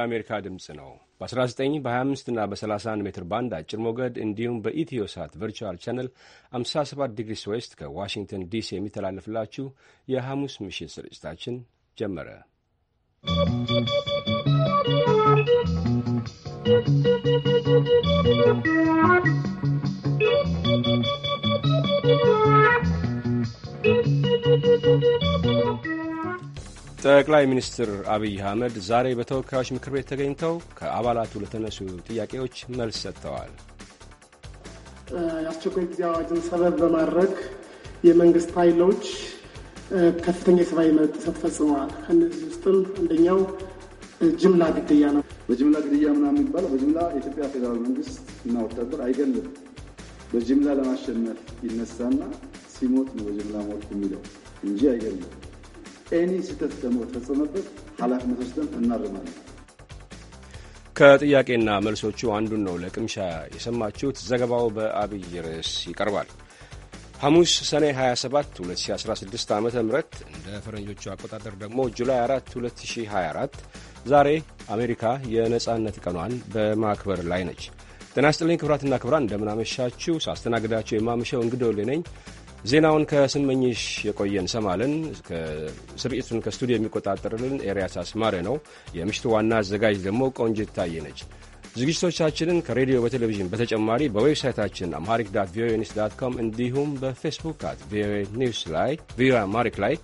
የአሜሪካ ድምፅ ነው። በ19 በ25 እና በ31 ሜትር ባንድ አጭር ሞገድ እንዲሁም በኢትዮ ሳት ቨርቹዋል ቻነል 57 ዲግሪ ስዌስት ከዋሽንግተን ዲሲ የሚተላለፍላችሁ የሐሙስ ምሽት ስርጭታችን ጀመረ። ¶¶ ጠቅላይ ሚኒስትር አብይ አህመድ ዛሬ በተወካዮች ምክር ቤት ተገኝተው ከአባላቱ ለተነሱ ጥያቄዎች መልስ ሰጥተዋል። የአስቸኳይ ጊዜ አዋጅን ሰበብ በማድረግ የመንግስት ኃይሎች ከፍተኛ የሰብአዊ መብት ጥሰት ፈጽመዋል። ከእነዚህ ውስጥም አንደኛው ጅምላ ግድያ ነው። በጅምላ ግድያ ምናምን የሚባለው በጅምላ የኢትዮጵያ ፌዴራል መንግስት እና ወታደር አይገልም። በጅምላ ለማሸነፍ ይነሳና ሲሞት ነው በጅምላ ሞት የሚለው እንጂ አይገልም። ኤኒ ስህተት ደግሞ ተፈጸመበት ኃላፊነት ወስደን እናርማለን። ከጥያቄና መልሶቹ አንዱን ነው ለቅምሻ የሰማችሁት። ዘገባው በአብይ ርዕስ ይቀርባል። ሐሙስ ሰኔ 27 2016 ዓ ም እንደ ፈረንጆቹ አቆጣጠር ደግሞ ጁላይ 4 2024 ዛሬ አሜሪካ የነጻነት ቀኗን በማክበር ላይ ነች። ጤና ይስጥልኝ ክቡራትና ክቡራን እንደምናመሻችሁ። ሳስተናግዳችሁ የማመሸው እንግዶ ነኝ። ዜናውን ከስመኝሽ የቆየን ሰማልን። ስርጭቱን ከስቱዲዮ የሚቆጣጠርልን ኤርያስ አስማሬ ነው። የምሽቱ ዋና አዘጋጅ ደግሞ ቆንጅት ታየ ነች። ዝግጅቶቻችንን ከሬዲዮ በቴሌቪዥን በተጨማሪ በዌብሳይታችን አምሃሪክ ዳት ቪኦኤ ኒውስ ዳት ኮም እንዲሁም በፌስቡክ አት ቪኦኤ ኒውስ ላይ ቪኦኤ አማሪክ ላይ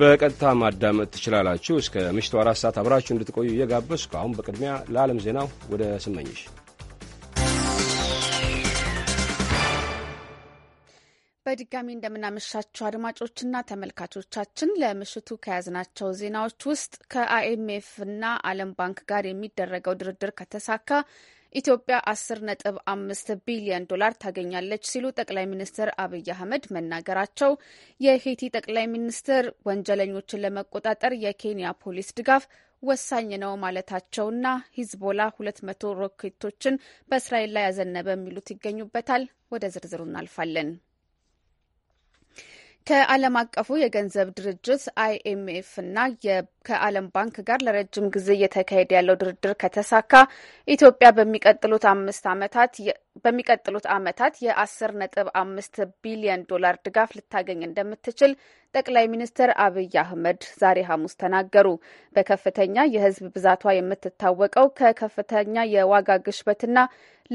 በቀጥታ ማዳመጥ ትችላላችሁ። እስከ ምሽቱ አራት ሰዓት አብራችሁ እንድትቆዩ እየጋበዝኩ አሁን በቅድሚያ ለዓለም ዜናው ወደ ስመኝሽ በድጋሚ እንደምናመሻችሁ አድማጮችና ተመልካቾቻችን ለምሽቱ ከያዝናቸው ዜናዎች ውስጥ ከአይኤምኤፍና እና ዓለም ባንክ ጋር የሚደረገው ድርድር ከተሳካ ኢትዮጵያ አስር ነጥብ አምስት ቢሊዮን ዶላር ታገኛለች ሲሉ ጠቅላይ ሚኒስትር አብይ አህመድ መናገራቸው፣ የሄቲ ጠቅላይ ሚኒስትር ወንጀለኞችን ለመቆጣጠር የኬንያ ፖሊስ ድጋፍ ወሳኝ ነው ማለታቸውና ሂዝቦላ ሁለት መቶ ሮኬቶችን በእስራኤል ላይ ያዘነበ የሚሉት ይገኙበታል። ወደ ዝርዝሩ እናልፋለን። ከዓለም አቀፉ የገንዘብ ድርጅት አይኤምኤፍ እና ከዓለም ባንክ ጋር ለረጅም ጊዜ እየተካሄደ ያለው ድርድር ከተሳካ ኢትዮጵያ በሚቀጥሉት አምስት ዓመታት በሚቀጥሉት ዓመታት የአስር ነጥብ አምስት ቢሊዮን ዶላር ድጋፍ ልታገኝ እንደምትችል ጠቅላይ ሚኒስትር አብይ አህመድ ዛሬ ሐሙስ ተናገሩ። በከፍተኛ የሕዝብ ብዛቷ የምትታወቀው ከከፍተኛ የዋጋ ግሽበትና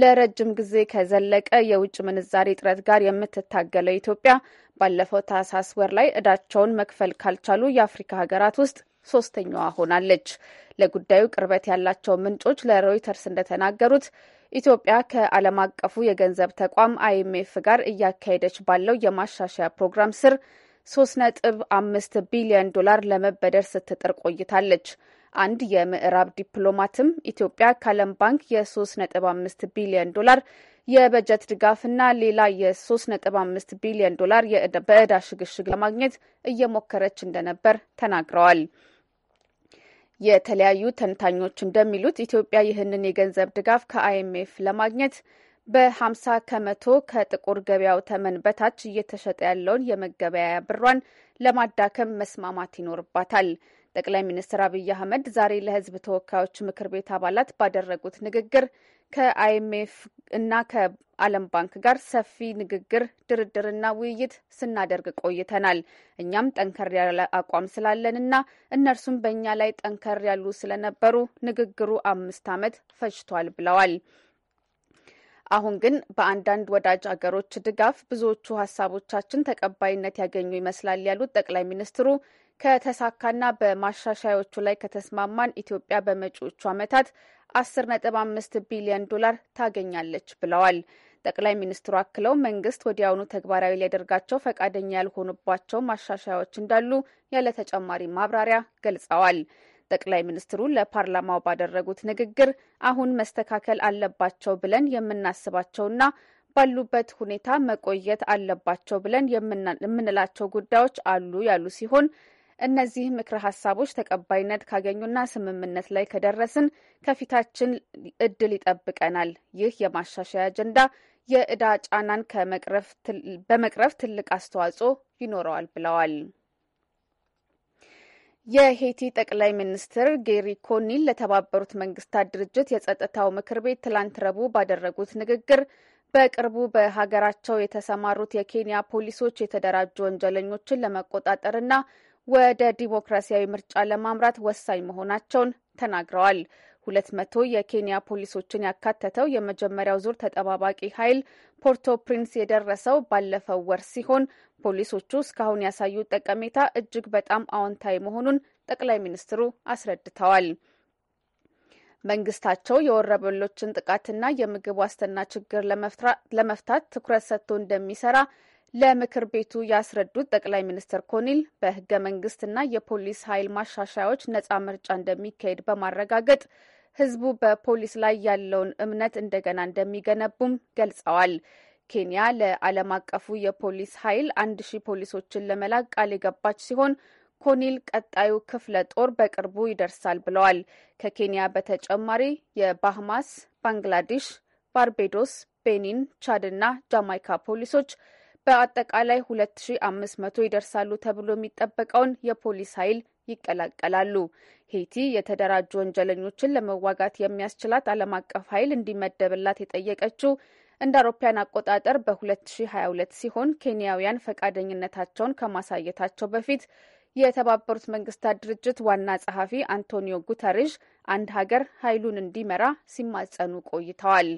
ለረጅም ጊዜ ከዘለቀ የውጭ ምንዛሬ እጥረት ጋር የምትታገለው ኢትዮጵያ ባለፈው ታህሳስ ወር ላይ እዳቸውን መክፈል ካልቻሉ የአፍሪካ ሀገራት ውስጥ ሶስተኛዋ ሆናለች። ለጉዳዩ ቅርበት ያላቸው ምንጮች ለሮይተርስ እንደተናገሩት ኢትዮጵያ ከዓለም አቀፉ የገንዘብ ተቋም አይኤምኤፍ ጋር እያካሄደች ባለው የማሻሻያ ፕሮግራም ስር ሶስት ነጥብ አምስት ቢሊዮን ዶላር ለመበደር ስትጥር ቆይታለች። አንድ የምዕራብ ዲፕሎማትም ኢትዮጵያ ከዓለም ባንክ የ3.5 ቢሊዮን ዶላር የበጀት ድጋፍና ሌላ የ3.5 ቢሊዮን ዶላር በዕዳ ሽግሽግ ለማግኘት እየሞከረች እንደነበር ተናግረዋል። የተለያዩ ተንታኞች እንደሚሉት ኢትዮጵያ ይህንን የገንዘብ ድጋፍ ከአይኤምኤፍ ለማግኘት በ50 ከመቶ ከጥቁር ገበያው ተመን በታች እየተሸጠ ያለውን የመገበያያ ብሯን ለማዳከም መስማማት ይኖርባታል። ጠቅላይ ሚኒስትር አብይ አህመድ ዛሬ ለህዝብ ተወካዮች ምክር ቤት አባላት ባደረጉት ንግግር ከአይኤምኤፍ እና ከዓለም ባንክ ጋር ሰፊ ንግግር፣ ድርድርና ውይይት ስናደርግ ቆይተናል። እኛም ጠንከር ያለ አቋም ስላለንና እነርሱም በእኛ ላይ ጠንከር ያሉ ስለነበሩ ንግግሩ አምስት ዓመት ፈጅቷል ብለዋል። አሁን ግን በአንዳንድ ወዳጅ አገሮች ድጋፍ ብዙዎቹ ሀሳቦቻችን ተቀባይነት ያገኙ ይመስላል ያሉት ጠቅላይ ሚኒስትሩ ከተሳካና በማሻሻያዎቹ ላይ ከተስማማን ኢትዮጵያ በመጪዎቹ ዓመታት አስር ነጥብ አምስት ቢሊዮን ዶላር ታገኛለች ብለዋል። ጠቅላይ ሚኒስትሩ አክለው መንግስት ወዲያውኑ ተግባራዊ ሊያደርጋቸው ፈቃደኛ ያልሆኑባቸው ማሻሻያዎች እንዳሉ ያለ ተጨማሪ ማብራሪያ ገልጸዋል። ጠቅላይ ሚኒስትሩ ለፓርላማው ባደረጉት ንግግር አሁን መስተካከል አለባቸው ብለን የምናስባቸውና ባሉበት ሁኔታ መቆየት አለባቸው ብለን የምንላቸው ጉዳዮች አሉ ያሉ ሲሆን እነዚህ ምክረ ሀሳቦች ተቀባይነት ካገኙና ስምምነት ላይ ከደረስን ከፊታችን እድል ይጠብቀናል። ይህ የማሻሻያ አጀንዳ የእዳ ጫናን በመቅረፍ ትልቅ አስተዋጽኦ ይኖረዋል ብለዋል። የሄቲ ጠቅላይ ሚኒስትር ጌሪ ኮኒል ለተባበሩት መንግስታት ድርጅት የጸጥታው ምክር ቤት ትላንት ረቡዕ ባደረጉት ንግግር በቅርቡ በሀገራቸው የተሰማሩት የኬንያ ፖሊሶች የተደራጁ ወንጀለኞችን ለመቆጣጠርና ወደ ዲሞክራሲያዊ ምርጫ ለማምራት ወሳኝ መሆናቸውን ተናግረዋል። ሁለት መቶ የኬንያ ፖሊሶችን ያካተተው የመጀመሪያው ዙር ተጠባባቂ ኃይል ፖርቶ ፕሪንስ የደረሰው ባለፈው ወር ሲሆን ፖሊሶቹ እስካሁን ያሳዩት ጠቀሜታ እጅግ በጣም አዎንታዊ መሆኑን ጠቅላይ ሚኒስትሩ አስረድተዋል። መንግስታቸው የወረበሎችን ጥቃትና የምግብ ዋስትና ችግር ለመፍታት ትኩረት ሰጥቶ እንደሚሰራ ለምክር ቤቱ ያስረዱት ጠቅላይ ሚኒስትር ኮኒል በህገ መንግስትና የፖሊስ ኃይል ማሻሻያዎች ነጻ ምርጫ እንደሚካሄድ በማረጋገጥ ህዝቡ በፖሊስ ላይ ያለውን እምነት እንደገና እንደሚገነቡም ገልጸዋል። ኬንያ ለዓለም አቀፉ የፖሊስ ኃይል አንድ ሺህ ፖሊሶችን ለመላክ ቃል የገባች ሲሆን ኮኒል ቀጣዩ ክፍለ ጦር በቅርቡ ይደርሳል ብለዋል። ከኬንያ በተጨማሪ የባህማስ፣ ባንግላዴሽ፣ ባርቤዶስ፣ ቤኒን፣ ቻድና ጃማይካ ፖሊሶች በአጠቃላይ 2500 ይደርሳሉ ተብሎ የሚጠበቀውን የፖሊስ ኃይል ይቀላቀላሉ። ሄይቲ የተደራጁ ወንጀለኞችን ለመዋጋት የሚያስችላት ዓለም አቀፍ ኃይል እንዲመደብላት የጠየቀችው እንደ አውሮፓያን አቆጣጠር በ2022 ሲሆን ኬንያውያን ፈቃደኝነታቸውን ከማሳየታቸው በፊት የተባበሩት መንግስታት ድርጅት ዋና ጸሐፊ አንቶኒዮ ጉተሬዥ አንድ ሀገር ኃይሉን እንዲመራ ሲማጸኑ ቆይተዋል።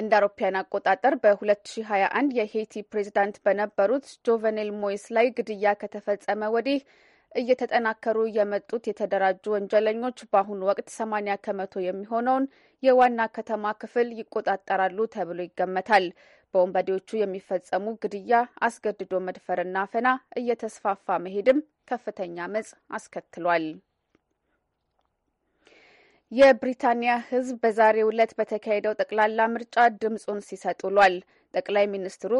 እንደ አውሮፓያን አቆጣጠር በ2021 የሄይቲ ፕሬዚዳንት በነበሩት ጆቨኔል ሞይስ ላይ ግድያ ከተፈጸመ ወዲህ እየተጠናከሩ የመጡት የተደራጁ ወንጀለኞች በአሁኑ ወቅት 80 ከመቶ የሚሆነውን የዋና ከተማ ክፍል ይቆጣጠራሉ ተብሎ ይገመታል። በወንበዴዎቹ የሚፈጸሙ ግድያ፣ አስገድዶ መድፈርና አፈና እየተስፋፋ መሄድም ከፍተኛ መጽ አስከትሏል። የብሪታንያ ሕዝብ በዛሬው ዕለት በተካሄደው ጠቅላላ ምርጫ ድምፁን ሲሰጥ ውሏል። ጠቅላይ ሚኒስትሩ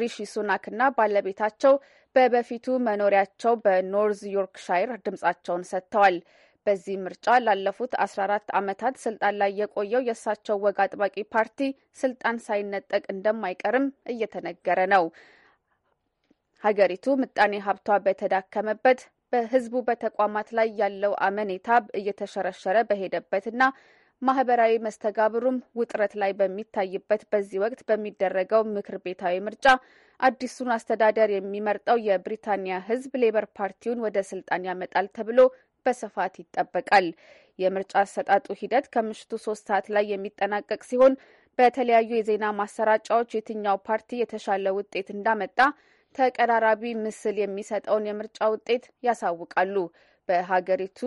ሪሺ ሱናክና ባለቤታቸው በበፊቱ መኖሪያቸው በኖርዝ ዮርክሻይር ድምፃቸውን ሰጥተዋል። በዚህ ምርጫ ላለፉት 14 ዓመታት ስልጣን ላይ የቆየው የእሳቸው ወግ አጥባቂ ፓርቲ ስልጣን ሳይነጠቅ እንደማይቀርም እየተነገረ ነው። ሀገሪቱ ምጣኔ ሀብቷ በተዳከመበት በህዝቡ በተቋማት ላይ ያለው አመኔታ እየተሸረሸረ በሄደበትና ማህበራዊ መስተጋብሩም ውጥረት ላይ በሚታይበት በዚህ ወቅት በሚደረገው ምክር ቤታዊ ምርጫ አዲሱን አስተዳደር የሚመርጠው የብሪታንያ ህዝብ ሌበር ፓርቲውን ወደ ስልጣን ያመጣል ተብሎ በስፋት ይጠበቃል። የምርጫ አሰጣጡ ሂደት ከምሽቱ ሶስት ሰዓት ላይ የሚጠናቀቅ ሲሆን በተለያዩ የዜና ማሰራጫዎች የትኛው ፓርቲ የተሻለ ውጤት እንዳመጣ ተቀራራቢ ምስል የሚሰጠውን የምርጫ ውጤት ያሳውቃሉ። በሀገሪቱ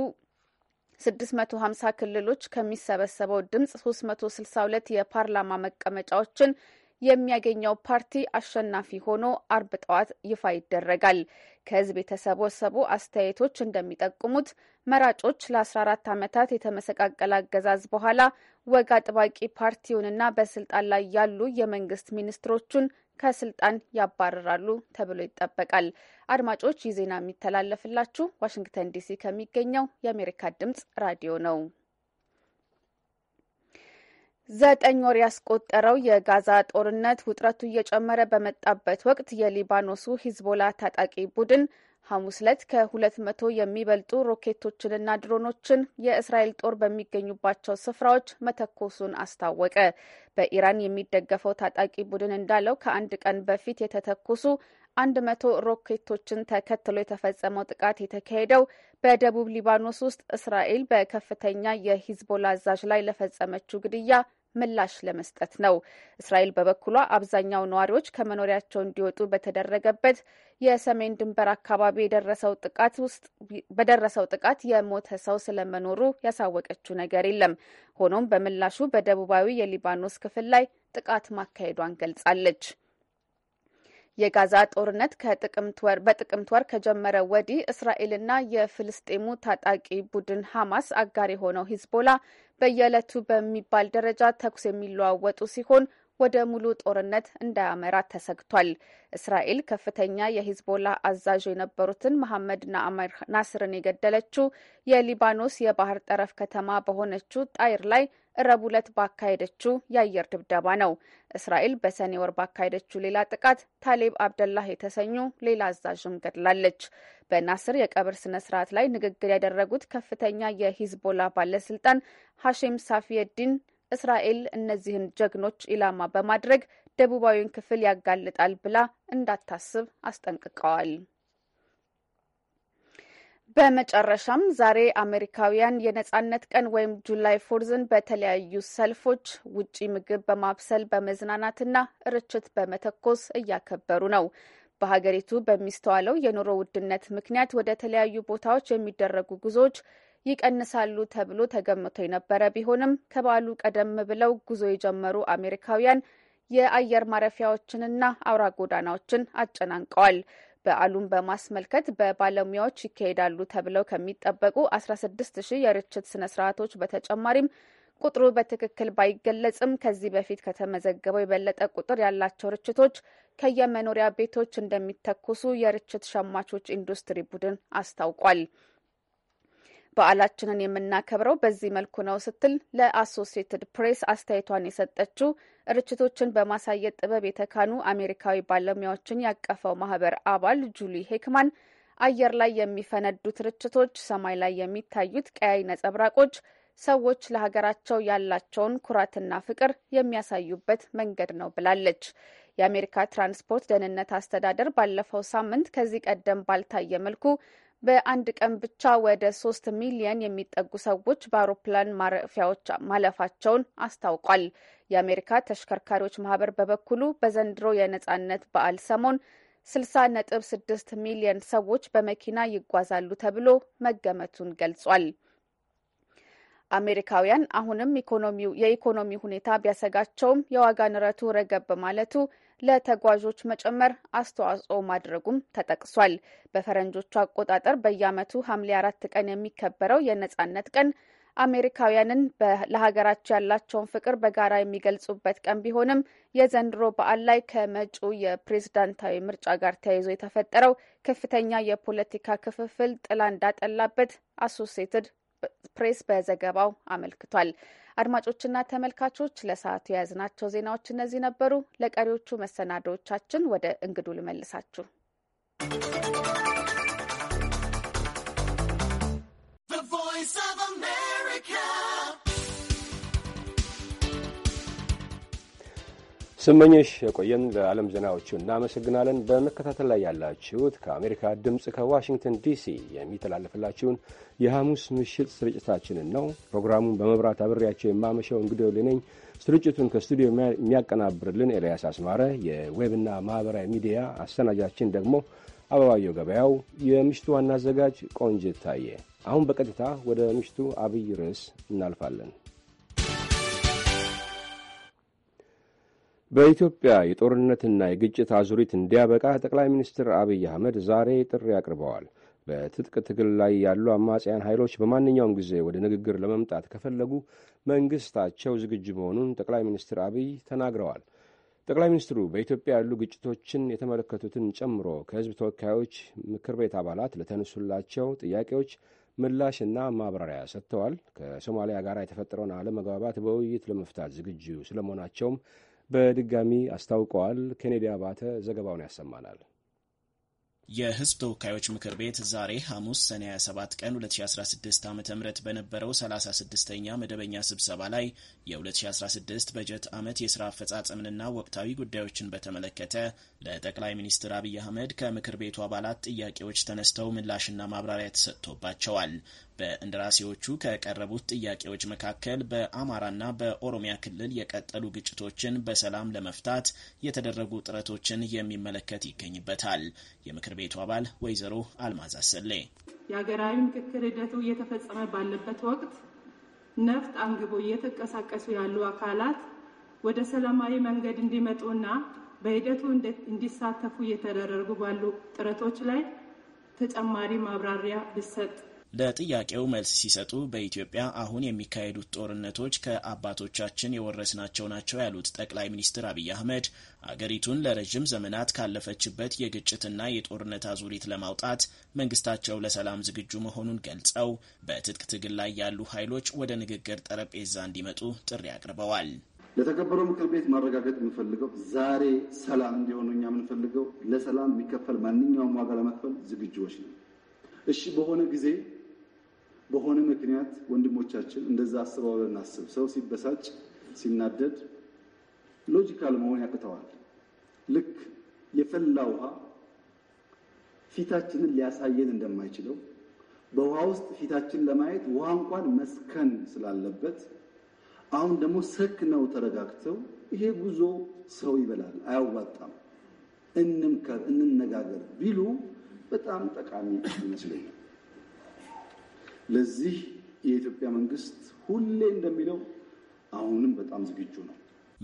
650 ክልሎች ከሚሰበሰበው ድምፅ 362 የፓርላማ መቀመጫዎችን የሚያገኘው ፓርቲ አሸናፊ ሆኖ አርብ ጠዋት ይፋ ይደረጋል። ከህዝብ የተሰበሰቡ አስተያየቶች እንደሚጠቁሙት መራጮች ለ14 ዓመታት የተመሰቃቀለ አገዛዝ በኋላ ወግ አጥባቂ ፓርቲውንና በስልጣን ላይ ያሉ የመንግስት ሚኒስትሮቹን ከስልጣን ያባረራሉ ተብሎ ይጠበቃል። አድማጮች ይህ ዜና የሚተላለፍላችሁ ዋሽንግተን ዲሲ ከሚገኘው የአሜሪካ ድምጽ ራዲዮ ነው። ዘጠኝ ወር ያስቆጠረው የጋዛ ጦርነት ውጥረቱ እየጨመረ በመጣበት ወቅት የሊባኖሱ ሂዝቦላ ታጣቂ ቡድን ሐሙስ ዕለት ከሁለት መቶ የሚበልጡ ሮኬቶችንና ድሮኖችን የእስራኤል ጦር በሚገኙባቸው ስፍራዎች መተኮሱን አስታወቀ። በኢራን የሚደገፈው ታጣቂ ቡድን እንዳለው ከአንድ ቀን በፊት የተተኮሱ አንድ መቶ ሮኬቶችን ተከትሎ የተፈጸመው ጥቃት የተካሄደው በደቡብ ሊባኖስ ውስጥ እስራኤል በከፍተኛ የሂዝቦላ አዛዥ ላይ ለፈጸመችው ግድያ ምላሽ ለመስጠት ነው። እስራኤል በበኩሏ አብዛኛው ነዋሪዎች ከመኖሪያቸው እንዲወጡ በተደረገበት የሰሜን ድንበር አካባቢ የደረሰው ጥቃት ውስጥ በደረሰው ጥቃት የሞተ ሰው ስለመኖሩ ያሳወቀችው ነገር የለም። ሆኖም በምላሹ በደቡባዊ የሊባኖስ ክፍል ላይ ጥቃት ማካሄዷን ገልጻለች። የጋዛ ጦርነት ከጥቅምት ወር በጥቅምት ወር ከጀመረ ወዲህ እስራኤልና የፍልስጤሙ ታጣቂ ቡድን ሐማስ አጋር የሆነው ሂዝቦላ በየዕለቱ በሚባል ደረጃ ተኩስ የሚለዋወጡ ሲሆን ወደ ሙሉ ጦርነት እንዳያመራ ተሰግቷል። እስራኤል ከፍተኛ የሂዝቦላ አዛዥ የነበሩትን መሐመድ ናዕማር ናስርን የገደለችው የሊባኖስ የባህር ጠረፍ ከተማ በሆነችው ጣይር ላይ ረቡዕ ዕለት ባካሄደችው የአየር ድብደባ ነው። እስራኤል በሰኔ ወር ባካሄደችው ሌላ ጥቃት ታሌብ አብደላህ የተሰኙ ሌላ አዛዥም ገድላለች። በናስር የቀብር ስነ ስርዓት ላይ ንግግር ያደረጉት ከፍተኛ የሂዝቦላ ባለስልጣን ሐሺም ሳፊየዲን እስራኤል እነዚህን ጀግኖች ኢላማ በማድረግ ደቡባዊውን ክፍል ያጋልጣል ብላ እንዳታስብ አስጠንቅቀዋል። በመጨረሻም ዛሬ አሜሪካውያን የነጻነት ቀን ወይም ጁላይ ፎርዝን በተለያዩ ሰልፎች ውጪ ምግብ በማብሰል በመዝናናትና ርችት በመተኮስ እያከበሩ ነው። በሀገሪቱ በሚስተዋለው የኑሮ ውድነት ምክንያት ወደ ተለያዩ ቦታዎች የሚደረጉ ጉዞዎች ይቀንሳሉ ተብሎ ተገምቶ የነበረ ቢሆንም ከበዓሉ ቀደም ብለው ጉዞ የጀመሩ አሜሪካውያን የአየር ማረፊያዎችንና አውራ ጎዳናዎችን አጨናንቀዋል። በዓሉን በማስመልከት በባለሙያዎች ይካሄዳሉ ተብለው ከሚጠበቁ 16 ሺህ የርችት ስነ ስርዓቶች በተጨማሪም ቁጥሩ በትክክል ባይገለጽም ከዚህ በፊት ከተመዘገበው የበለጠ ቁጥር ያላቸው ርችቶች ከየመኖሪያ ቤቶች እንደሚተኩሱ የርችት ሸማቾች ኢንዱስትሪ ቡድን አስታውቋል። በዓላችንን የምናከብረው በዚህ መልኩ ነው ስትል ለአሶሲየትድ ፕሬስ አስተያየቷን የሰጠችው ርችቶችን በማሳየት ጥበብ የተካኑ አሜሪካዊ ባለሙያዎችን ያቀፈው ማህበር አባል ጁሊ ሄክማን አየር ላይ የሚፈነዱት ርችቶች፣ ሰማይ ላይ የሚታዩት ቀያይ ነጸብራቆች ሰዎች ለሀገራቸው ያላቸውን ኩራትና ፍቅር የሚያሳዩበት መንገድ ነው ብላለች። የአሜሪካ ትራንስፖርት ደህንነት አስተዳደር ባለፈው ሳምንት ከዚህ ቀደም ባልታየ መልኩ በአንድ ቀን ብቻ ወደ ሶስት ሚሊየን የሚጠጉ ሰዎች በአውሮፕላን ማረፊያዎች ማለፋቸውን አስታውቋል። የአሜሪካ ተሽከርካሪዎች ማህበር በበኩሉ በዘንድሮ የነጻነት በዓል ሰሞን 60 ነጥብ 6 ሚሊየን ሰዎች በመኪና ይጓዛሉ ተብሎ መገመቱን ገልጿል። አሜሪካውያን አሁንም የኢኮኖሚ ሁኔታ ቢያሰጋቸውም የዋጋ ንረቱ ረገብ በማለቱ ለተጓዦች መጨመር አስተዋጽኦ ማድረጉም ተጠቅሷል። በፈረንጆቹ አቆጣጠር በየዓመቱ ሐምሌ አራት ቀን የሚከበረው የነጻነት ቀን አሜሪካውያንን ለሀገራቸው ያላቸውን ፍቅር በጋራ የሚገልጹበት ቀን ቢሆንም የዘንድሮ በዓል ላይ ከመጪው የፕሬዝዳንታዊ ምርጫ ጋር ተያይዞ የተፈጠረው ከፍተኛ የፖለቲካ ክፍፍል ጥላ እንዳጠላበት አሶሴትድ ፕሬስ በዘገባው አመልክቷል። አድማጮችና ተመልካቾች ለሰዓቱ የያዝናቸው ዜናዎች እነዚህ ነበሩ። ለቀሪዎቹ መሰናዶዎቻችን ወደ እንግዱ ልመልሳችሁ። ስመኞሽ የቆየን ለዓለም ዜናዎቹ እናመሰግናለን። በመከታተል ላይ ያላችሁት ከአሜሪካ ድምፅ ከዋሽንግተን ዲሲ የሚተላለፍላችሁን የሐሙስ ምሽት ስርጭታችንን ነው። ፕሮግራሙን በመብራት አብሬያቸው የማመሸው እንግዲህ ልነኝ። ስርጭቱን ከስቱዲዮ የሚያቀናብርልን ኤልያስ አስማረ፣ የዌብና ማኅበራዊ ሚዲያ አሰናጃችን ደግሞ አበባየው ገበያው፣ የምሽቱ ዋና አዘጋጅ ቆንጅት ታየ። አሁን በቀጥታ ወደ ምሽቱ አብይ ርዕስ እናልፋለን። በኢትዮጵያ የጦርነትና የግጭት አዙሪት እንዲያበቃ ጠቅላይ ሚኒስትር አብይ አህመድ ዛሬ ጥሪ አቅርበዋል። በትጥቅ ትግል ላይ ያሉ አማጽያን ኃይሎች በማንኛውም ጊዜ ወደ ንግግር ለመምጣት ከፈለጉ መንግስታቸው ዝግጁ መሆኑን ጠቅላይ ሚኒስትር አብይ ተናግረዋል። ጠቅላይ ሚኒስትሩ በኢትዮጵያ ያሉ ግጭቶችን የተመለከቱትን ጨምሮ ከህዝብ ተወካዮች ምክር ቤት አባላት ለተነሱላቸው ጥያቄዎች ምላሽና ማብራሪያ ሰጥተዋል። ከሶማሊያ ጋር የተፈጠረውን አለመግባባት በውይይት ለመፍታት ዝግጁ ስለመሆናቸውም በድጋሚ አስታውቀዋል። ኬኔዲ አባተ ዘገባውን ያሰማናል። የህዝብ ተወካዮች ምክር ቤት ዛሬ ሐሙስ ሰኔ 27 ቀን 2016 ዓ ም በነበረው 36ኛ መደበኛ ስብሰባ ላይ የ2016 በጀት ዓመት የሥራ አፈጻጸምንና ወቅታዊ ጉዳዮችን በተመለከተ ለጠቅላይ ሚኒስትር አብይ አህመድ ከምክር ቤቱ አባላት ጥያቄዎች ተነስተው ምላሽና ማብራሪያ ተሰጥቶባቸዋል። በእንደራሴዎቹ ከቀረቡት ጥያቄዎች መካከል በአማራና በኦሮሚያ ክልል የቀጠሉ ግጭቶችን በሰላም ለመፍታት የተደረጉ ጥረቶችን የሚመለከት ይገኝበታል። የምክር ቤቱ አባል ወይዘሮ አልማዝ አሰሌ የሀገራዊ ምክክር ሂደቱ እየተፈጸመ ባለበት ወቅት ነፍጥ አንግቦ እየተንቀሳቀሱ ያሉ አካላት ወደ ሰላማዊ መንገድ እንዲመጡና በሂደቱ እንዲሳተፉ እየተደረጉ ባሉ ጥረቶች ላይ ተጨማሪ ማብራሪያ ብሰጥ ለጥያቄው መልስ ሲሰጡ በኢትዮጵያ አሁን የሚካሄዱት ጦርነቶች ከአባቶቻችን የወረስናቸው ናቸው ያሉት ጠቅላይ ሚኒስትር አብይ አህመድ አገሪቱን ለረዥም ዘመናት ካለፈችበት የግጭትና የጦርነት አዙሪት ለማውጣት መንግስታቸው ለሰላም ዝግጁ መሆኑን ገልጸው በትጥቅ ትግል ላይ ያሉ ኃይሎች ወደ ንግግር ጠረጴዛ እንዲመጡ ጥሪ አቅርበዋል። ለተከበረው ምክር ቤት ማረጋገጥ የምፈልገው ዛሬ ሰላም እንዲሆኑ እኛ የምንፈልገው ለሰላም የሚከፈል ማንኛውም ዋጋ ለመክፈል ዝግጁዎች ነው። እሺ በሆነ ጊዜ በሆነ ምክንያት ወንድሞቻችን እንደዛ አስበው እናስብ። ሰው ሲበሳጭ ሲናደድ ሎጂካል መሆን ያቅተዋል። ልክ የፈላ ውሃ ፊታችንን ሊያሳየን እንደማይችለው በውሃ ውስጥ ፊታችን ለማየት ውሃ እንኳን መስከን ስላለበት አሁን ደግሞ ነው ተረጋግተው ይሄ ጉዞ ሰው ይበላል፣ አያዋጣም፣ እንምከር፣ እንነጋገር ቢሉ በጣም ጠቃሚ ይመስለኛል። ለዚህ የኢትዮጵያ መንግስት ሁሌ እንደሚለው አሁንም በጣም ዝግጁ ነው።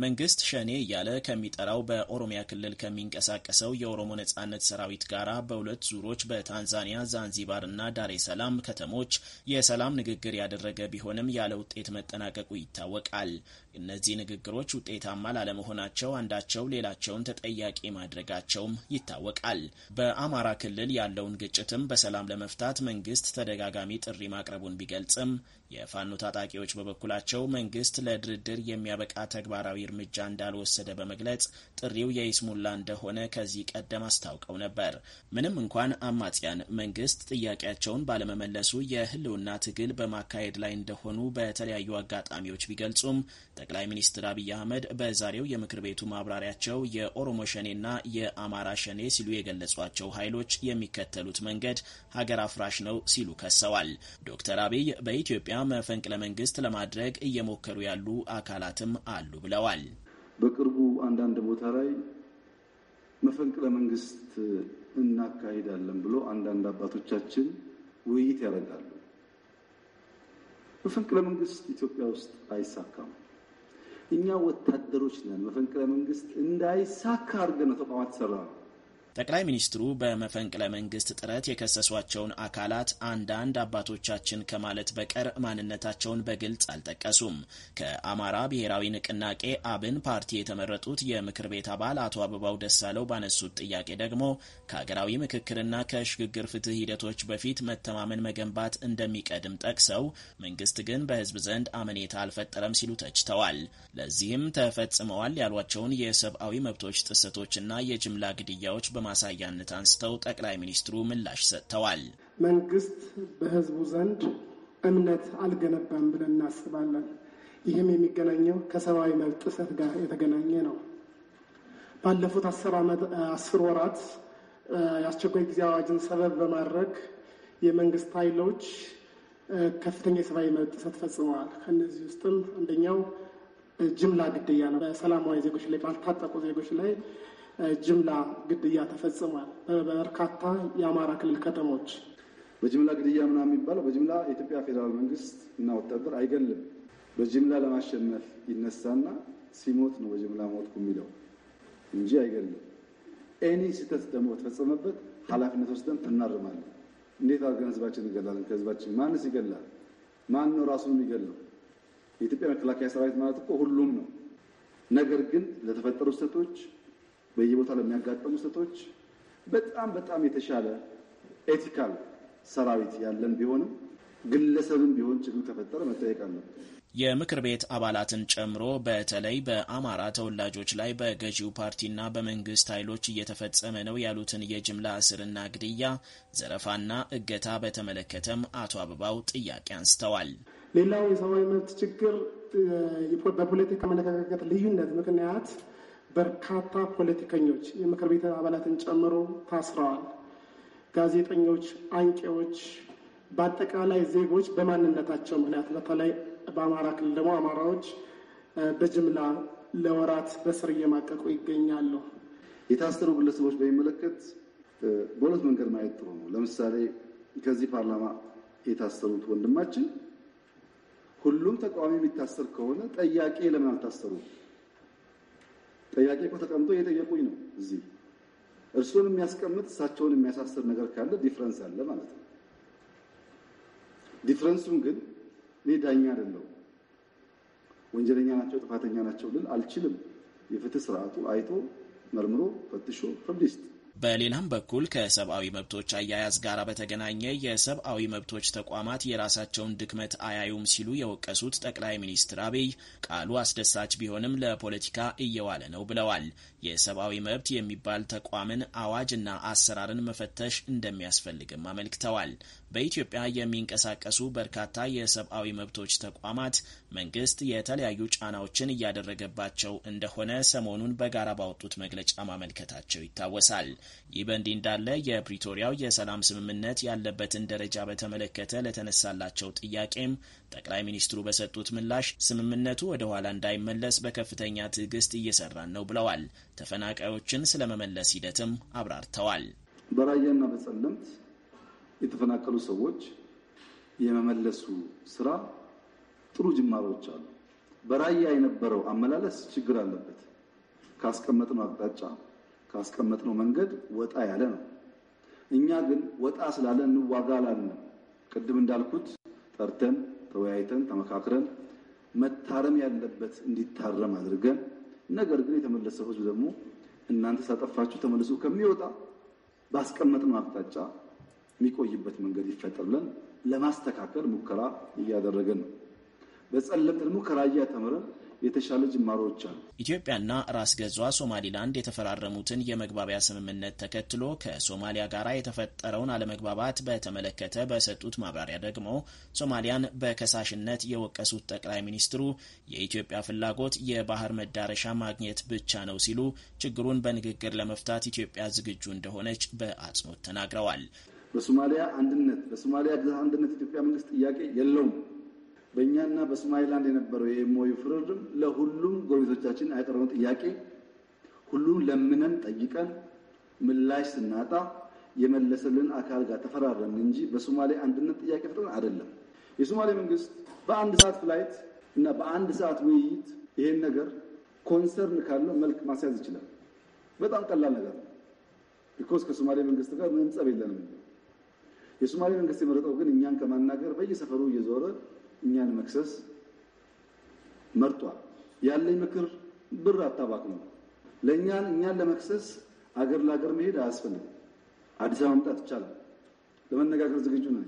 መንግስት ሸኔ እያለ ከሚጠራው በኦሮሚያ ክልል ከሚንቀሳቀሰው የኦሮሞ ነጻነት ሰራዊት ጋር በሁለት ዙሮች በታንዛኒያ ዛንዚባር እና ዳሬ ሰላም ከተሞች የሰላም ንግግር ያደረገ ቢሆንም ያለ ውጤት መጠናቀቁ ይታወቃል። እነዚህ ንግግሮች ውጤታማ ላለመሆናቸው አንዳቸው ሌላቸውን ተጠያቂ ማድረጋቸውም ይታወቃል። በአማራ ክልል ያለውን ግጭትም በሰላም ለመፍታት መንግስት ተደጋጋሚ ጥሪ ማቅረቡን ቢገልጽም የፋኖ ታጣቂዎች በበኩላቸው መንግስት ለድርድር የሚያበቃ ተግባራዊ እርምጃ እንዳልወሰደ በመግለጽ ጥሪው የይስሙላ እንደሆነ ከዚህ ቀደም አስታውቀው ነበር። ምንም እንኳን አማጽያን መንግስት ጥያቄያቸውን ባለመመለሱ የህልውና ትግል በማካሄድ ላይ እንደሆኑ በተለያዩ አጋጣሚዎች ቢገልጹም ጠቅላይ ሚኒስትር አብይ አህመድ በዛሬው የምክር ቤቱ ማብራሪያቸው የኦሮሞ ሸኔና የአማራ ሸኔ ሲሉ የገለጿቸው ኃይሎች የሚከተሉት መንገድ ሀገር አፍራሽ ነው ሲሉ ከሰዋል። ዶክተር አብይ በኢትዮጵያ መፈንቅለ መንግስት ለማድረግ እየሞከሩ ያሉ አካላትም አሉ ብለዋል። በቅርቡ አንዳንድ ቦታ ላይ መፈንቅለ መንግስት እናካሄዳለን ብሎ አንዳንድ አባቶቻችን ውይይት ያደርጋሉ። መፈንቅለ መንግስት ኢትዮጵያ ውስጥ አይሳካም። እኛ ወታደሮች ነን፣ መፈንቅለ መንግስት እንዳይሳካ አድርገን ነው ተቋማት ነው። ጠቅላይ ሚኒስትሩ በመፈንቅለ መንግስት ጥረት የከሰሷቸውን አካላት አንዳንድ አባቶቻችን ከማለት በቀር ማንነታቸውን በግልጽ አልጠቀሱም። ከአማራ ብሔራዊ ንቅናቄ አብን ፓርቲ የተመረጡት የምክር ቤት አባል አቶ አበባው ደሳለው ባነሱት ጥያቄ ደግሞ ከሀገራዊ ምክክርና ከሽግግር ፍትህ ሂደቶች በፊት መተማመን መገንባት እንደሚቀድም ጠቅሰው መንግስት ግን በህዝብ ዘንድ አመኔታ አልፈጠረም ሲሉ ተችተዋል። ለዚህም ተፈጽመዋል ያሏቸውን የሰብአዊ መብቶች ጥሰቶችና የጅምላ ግድያዎች በማሳያነት አንስተው ጠቅላይ ሚኒስትሩ ምላሽ ሰጥተዋል። መንግስት በህዝቡ ዘንድ እምነት አልገነባም ብለን እናስባለን። ይህም የሚገናኘው ከሰብአዊ መብት ጥሰት ጋር የተገናኘ ነው። ባለፉት አስር ወራት የአስቸኳይ ጊዜ አዋጅን ሰበብ በማድረግ የመንግስት ኃይሎች ከፍተኛ የሰብአዊ መብት ጥሰት ፈጽመዋል። ከእነዚህ ውስጥም አንደኛው ጅምላ ግድያ ነው። በሰላማዊ ዜጎች ላይ ባልታጠቁ ዜጎች ላይ ጅምላ ግድያ ተፈጽሟል በበርካታ የአማራ ክልል ከተሞች። በጅምላ ግድያ ምና የሚባለው በጅምላ የኢትዮጵያ ፌዴራል መንግስት እና ወታደር አይገልም። በጅምላ ለማሸነፍ ይነሳና ሲሞት ነው በጅምላ ሞትኩ የሚለው እንጂ አይገልም። ኤኒ ስህተት ደግሞ ተፈጸመበት ኃላፊነት ወስደን እናርማለን። እንዴት አድርገን ህዝባችን እንገላለን? ከህዝባችን ማንስ ይገላል? ማን ነው ራሱን የሚገለው? የኢትዮጵያ መከላከያ ሰራዊት ማለት እኮ ሁሉም ነው። ነገር ግን ለተፈጠሩ ስህተቶች በየቦታው ለሚያጋጥሙ ስህተቶች በጣም በጣም የተሻለ ኤቲካል ሰራዊት ያለን ቢሆንም ግለሰብም ቢሆን ችግር ተፈጠረ መጠየቅ አለበት። የምክር ቤት አባላትን ጨምሮ በተለይ በአማራ ተወላጆች ላይ በገዢው ፓርቲና በመንግስት ኃይሎች እየተፈጸመ ነው ያሉትን የጅምላ እስርና ግድያ፣ ዘረፋና እገታ በተመለከተም አቶ አበባው ጥያቄ አንስተዋል። ሌላው የሰብአዊ መብት ችግር በፖለቲካ አመለካከት ልዩነት ምክንያት በርካታ ፖለቲከኞች የምክር ቤት አባላትን ጨምሮ ታስረዋል። ጋዜጠኞች፣ አንቂዎች፣ በአጠቃላይ ዜጎች በማንነታቸው ምክንያት በተለይ በአማራ ክልል ደግሞ አማራዎች በጅምላ ለወራት በስር እየማቀቁ ይገኛሉ። የታሰሩ ግለሰቦች በሚመለከት በሁለት መንገድ ማየት ጥሩ ነው። ለምሳሌ ከዚህ ፓርላማ የታሰሩት ወንድማችን ሁሉም ተቃዋሚ የሚታሰር ከሆነ ጠያቄ ለምን አልታሰሩም? ጥያቄ እኮ ተቀምጦ እየጠየቁኝ ነው እዚህ። እርሱን የሚያስቀምጥ እሳቸውን የሚያሳስር ነገር ካለ ዲፍረንስ አለ ማለት ነው። ዲፍረንሱን ግን እኔ ዳኛ አይደለሁም። ወንጀለኛ ናቸው ጥፋተኛ ናቸው ልል አልችልም። የፍትህ ስርዓቱ አይቶ መርምሮ ፈትሾ ፍርድ ይስጥ። በሌላም በኩል ከሰብአዊ መብቶች አያያዝ ጋር በተገናኘ የሰብአዊ መብቶች ተቋማት የራሳቸውን ድክመት አያዩም ሲሉ የወቀሱት ጠቅላይ ሚኒስትር አብይ ቃሉ አስደሳች ቢሆንም ለፖለቲካ እየዋለ ነው ብለዋል። የሰብአዊ መብት የሚባል ተቋምን አዋጅና አሰራርን መፈተሽ እንደሚያስፈልግም አመልክተዋል። በኢትዮጵያ የሚንቀሳቀሱ በርካታ የሰብአዊ መብቶች ተቋማት መንግስት የተለያዩ ጫናዎችን እያደረገባቸው እንደሆነ ሰሞኑን በጋራ ባወጡት መግለጫ ማመልከታቸው ይታወሳል። ይህ በእንዲህ እንዳለ የፕሪቶሪያው የሰላም ስምምነት ያለበትን ደረጃ በተመለከተ ለተነሳላቸው ጥያቄም ጠቅላይ ሚኒስትሩ በሰጡት ምላሽ ስምምነቱ ወደ ኋላ እንዳይመለስ በከፍተኛ ትዕግስት እየሰራን ነው ብለዋል። ተፈናቃዮችን ስለመመለስ ሂደትም አብራርተዋል። በራያና በጸለምት የተፈናቀሉ ሰዎች የመመለሱ ስራ ጥሩ ጅማሮች አሉ። በራያ የነበረው አመላለስ ችግር አለበት። ካስቀመጥነው አቅጣጫ ካስቀመጥነው መንገድ ወጣ ያለ ነው። እኛ ግን ወጣ ስላለ እንዋጋ አላልንም። ቅድም እንዳልኩት ጠርተን ተወያይተን ተመካክረን መታረም ያለበት እንዲታረም አድርገን ነገር ግን የተመለሰው ህዝብ ደግሞ እናንተ ሳጠፋችሁ ተመልሶ ከሚወጣ ባስቀመጥነው አቅጣጫ የሚቆይበት መንገድ ይፈጠር ብለን ለማስተካከል ሙከራ እያደረገን ነው። በጸለምት ደግሞ ከራያ ተምረን የተሻለ ጅማሮዎች አሉ። ኢትዮጵያና ራስ ገዟ ሶማሊላንድ የተፈራረሙትን የመግባቢያ ስምምነት ተከትሎ ከሶማሊያ ጋር የተፈጠረውን አለመግባባት በተመለከተ በሰጡት ማብራሪያ ደግሞ ሶማሊያን በከሳሽነት የወቀሱት ጠቅላይ ሚኒስትሩ የኢትዮጵያ ፍላጎት የባህር መዳረሻ ማግኘት ብቻ ነው ሲሉ ችግሩን በንግግር ለመፍታት ኢትዮጵያ ዝግጁ እንደሆነች በአጽንኦት ተናግረዋል። በሶማሊያ አንድነት በሶማሊያ አንድነት ኢትዮጵያ መንግስት ጥያቄ የለውም በእኛና በሶማሊላንድ የነበረው የኤምኦዩ ፍርድም ለሁሉም ጎረቤቶቻችን ያቀረብነው ጥያቄ ሁሉም ለምነን ጠይቀን ምላሽ ስናጣ የመለሰልን አካል ጋር ተፈራረም እንጂ በሶማሌ አንድነት ጥያቄ ፍጥረን አይደለም። የሶማሌ መንግስት በአንድ ሰዓት ፍላይት እና በአንድ ሰዓት ውይይት ይሄን ነገር ኮንሰርን ካለው መልክ ማስያዝ ይችላል። በጣም ቀላል ነገር ነው። ቢኮዝ ከሶማሌ መንግስት ጋር ምንም ጸብ የለንም። የሶማሌ መንግስት የመረጠው ግን እኛን ከማናገር በየሰፈሩ እየዞረ እኛን መክሰስ መርጧል። ያለኝ ምክር ብር አታባክኑ። ለእኛን እኛን ለመክሰስ አገር ለአገር መሄድ አያስፈልግም። አዲስ አበባ መምጣት ይቻላል። ለመነጋገር ዝግጁ ነው።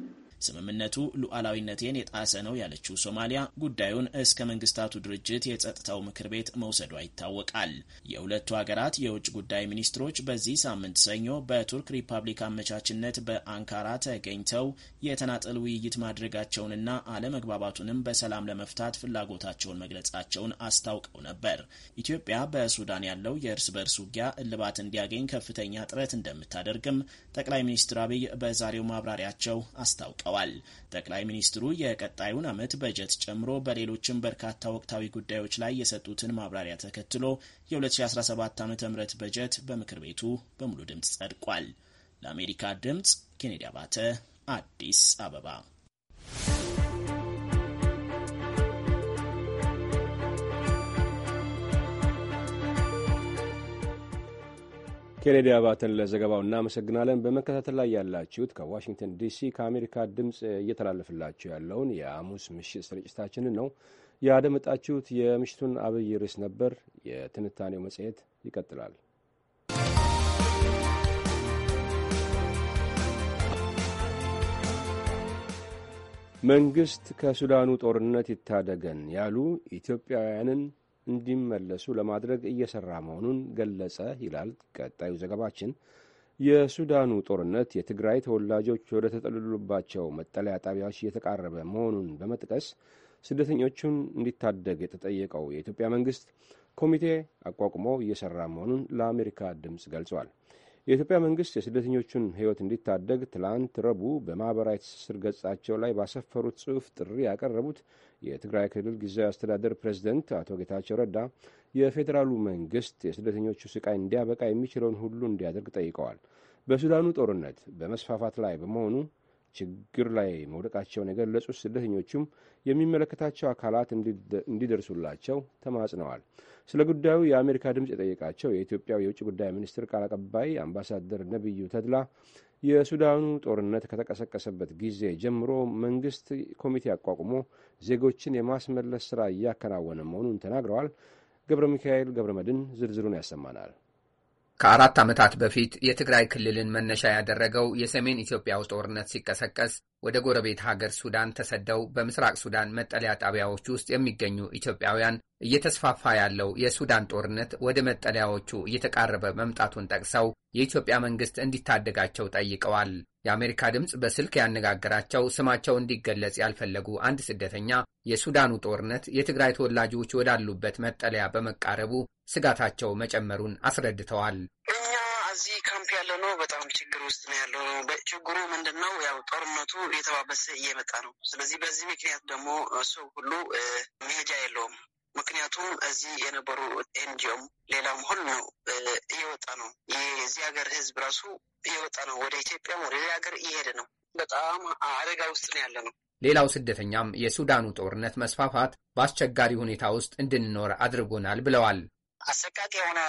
ስምምነቱ ሉዓላዊነቴን የጣሰ ነው ያለችው ሶማሊያ ጉዳዩን እስከ መንግስታቱ ድርጅት የጸጥታው ምክር ቤት መውሰዷ ይታወቃል። የሁለቱ ሀገራት የውጭ ጉዳይ ሚኒስትሮች በዚህ ሳምንት ሰኞ በቱርክ ሪፐብሊክ አመቻችነት በአንካራ ተገኝተው የተናጠል ውይይት ማድረጋቸውንና አለመግባባቱንም በሰላም ለመፍታት ፍላጎታቸውን መግለጻቸውን አስታውቀው ነበር። ኢትዮጵያ በሱዳን ያለው የእርስ በርስ ውጊያ እልባት እንዲያገኝ ከፍተኛ ጥረት እንደምታደርግም ጠቅላይ ሚኒስትር አብይ በዛሬው ማብራሪያቸው አስታውቀው ገልጸዋል። ጠቅላይ ሚኒስትሩ የቀጣዩን ዓመት በጀት ጨምሮ በሌሎችም በርካታ ወቅታዊ ጉዳዮች ላይ የሰጡትን ማብራሪያ ተከትሎ የ2017 ዓ ም በጀት በምክር ቤቱ በሙሉ ድምፅ ጸድቋል። ለአሜሪካ ድምፅ ኬኔዲ አባተ አዲስ አበባ ኬኔዲ አባተን ለዘገባው እናመሰግናለን። በመከታተል ላይ ያላችሁት ከዋሽንግተን ዲሲ ከአሜሪካ ድምፅ እየተላለፍላችሁ ያለውን የሐሙስ ምሽት ስርጭታችንን ነው ያደመጣችሁት። የምሽቱን አብይ ርዕስ ነበር። የትንታኔው መጽሔት ይቀጥላል። መንግስት ከሱዳኑ ጦርነት ይታደገን ያሉ ኢትዮጵያውያንን እንዲመለሱ ለማድረግ እየሰራ መሆኑን ገለጸ ይላል ቀጣዩ ዘገባችን። የሱዳኑ ጦርነት የትግራይ ተወላጆች ወደ ተጠልሉባቸው መጠለያ ጣቢያዎች እየተቃረበ መሆኑን በመጥቀስ ስደተኞቹን እንዲታደግ የተጠየቀው የኢትዮጵያ መንግስት ኮሚቴ አቋቁሞ እየሰራ መሆኑን ለአሜሪካ ድምፅ ገልጿል። የኢትዮጵያ መንግስት የስደተኞቹን ህይወት እንዲታደግ ትላንት ረቡዕ በማኅበራዊ ትስስር ገጻቸው ላይ ባሰፈሩት ጽሑፍ ጥሪ ያቀረቡት የትግራይ ክልል ጊዜያዊ አስተዳደር ፕሬዚደንት አቶ ጌታቸው ረዳ የፌዴራሉ መንግስት የስደተኞቹ ስቃይ እንዲያበቃ የሚችለውን ሁሉ እንዲያደርግ ጠይቀዋል። በሱዳኑ ጦርነት በመስፋፋት ላይ በመሆኑ ችግር ላይ መውደቃቸውን የገለጹት ስደተኞቹም የሚመለከታቸው አካላት እንዲደርሱላቸው ተማጽነዋል። ስለ ጉዳዩ የአሜሪካ ድምፅ የጠየቃቸው የኢትዮጵያ የውጭ ጉዳይ ሚኒስትር ቃል አቀባይ አምባሳደር ነቢዩ ተድላ የሱዳኑ ጦርነት ከተቀሰቀሰበት ጊዜ ጀምሮ መንግስት ኮሚቴ አቋቁሞ ዜጎችን የማስመለስ ስራ እያከናወነ መሆኑን ተናግረዋል። ገብረ ሚካኤል ገብረ መድን ዝርዝሩን ያሰማናል። ከአራት ዓመታት በፊት የትግራይ ክልልን መነሻ ያደረገው የሰሜን ውስጥ ጦርነት ሲቀሰቀስ ወደ ጎረቤት ሀገር ሱዳን ተሰደው በምስራቅ ሱዳን መጠለያ ጣቢያዎች ውስጥ የሚገኙ ኢትዮጵያውያን እየተስፋፋ ያለው የሱዳን ጦርነት ወደ መጠለያዎቹ እየተቃረበ መምጣቱን ጠቅሰው የኢትዮጵያ መንግስት እንዲታደጋቸው ጠይቀዋል። የአሜሪካ ድምፅ በስልክ ያነጋገራቸው ስማቸው እንዲገለጽ ያልፈለጉ አንድ ስደተኛ የሱዳኑ ጦርነት የትግራይ ተወላጆች ወዳሉበት መጠለያ በመቃረቡ ስጋታቸው መጨመሩን አስረድተዋል። እዚህ ካምፕ ያለ ነው በጣም ችግር ውስጥ ነው ያለው። ችግሩ ምንድን ነው? ያው ጦርነቱ የተባበሰ እየመጣ ነው። ስለዚህ በዚህ ምክንያት ደግሞ ሰው ሁሉ መሄጃ የለውም። ምክንያቱም እዚህ የነበሩ ኤንጂኦም ሌላም ሁሉ እየወጣ ነው። የዚህ ሀገር ህዝብ ራሱ እየወጣ ነው። ወደ ኢትዮጵያም ወደ ሌላ ሀገር እየሄደ ነው። በጣም አደጋ ውስጥ ነው ያለ ነው። ሌላው ስደተኛም የሱዳኑ ጦርነት መስፋፋት በአስቸጋሪ ሁኔታ ውስጥ እንድንኖር አድርጎናል ብለዋል። አሰቃቂ የሆነ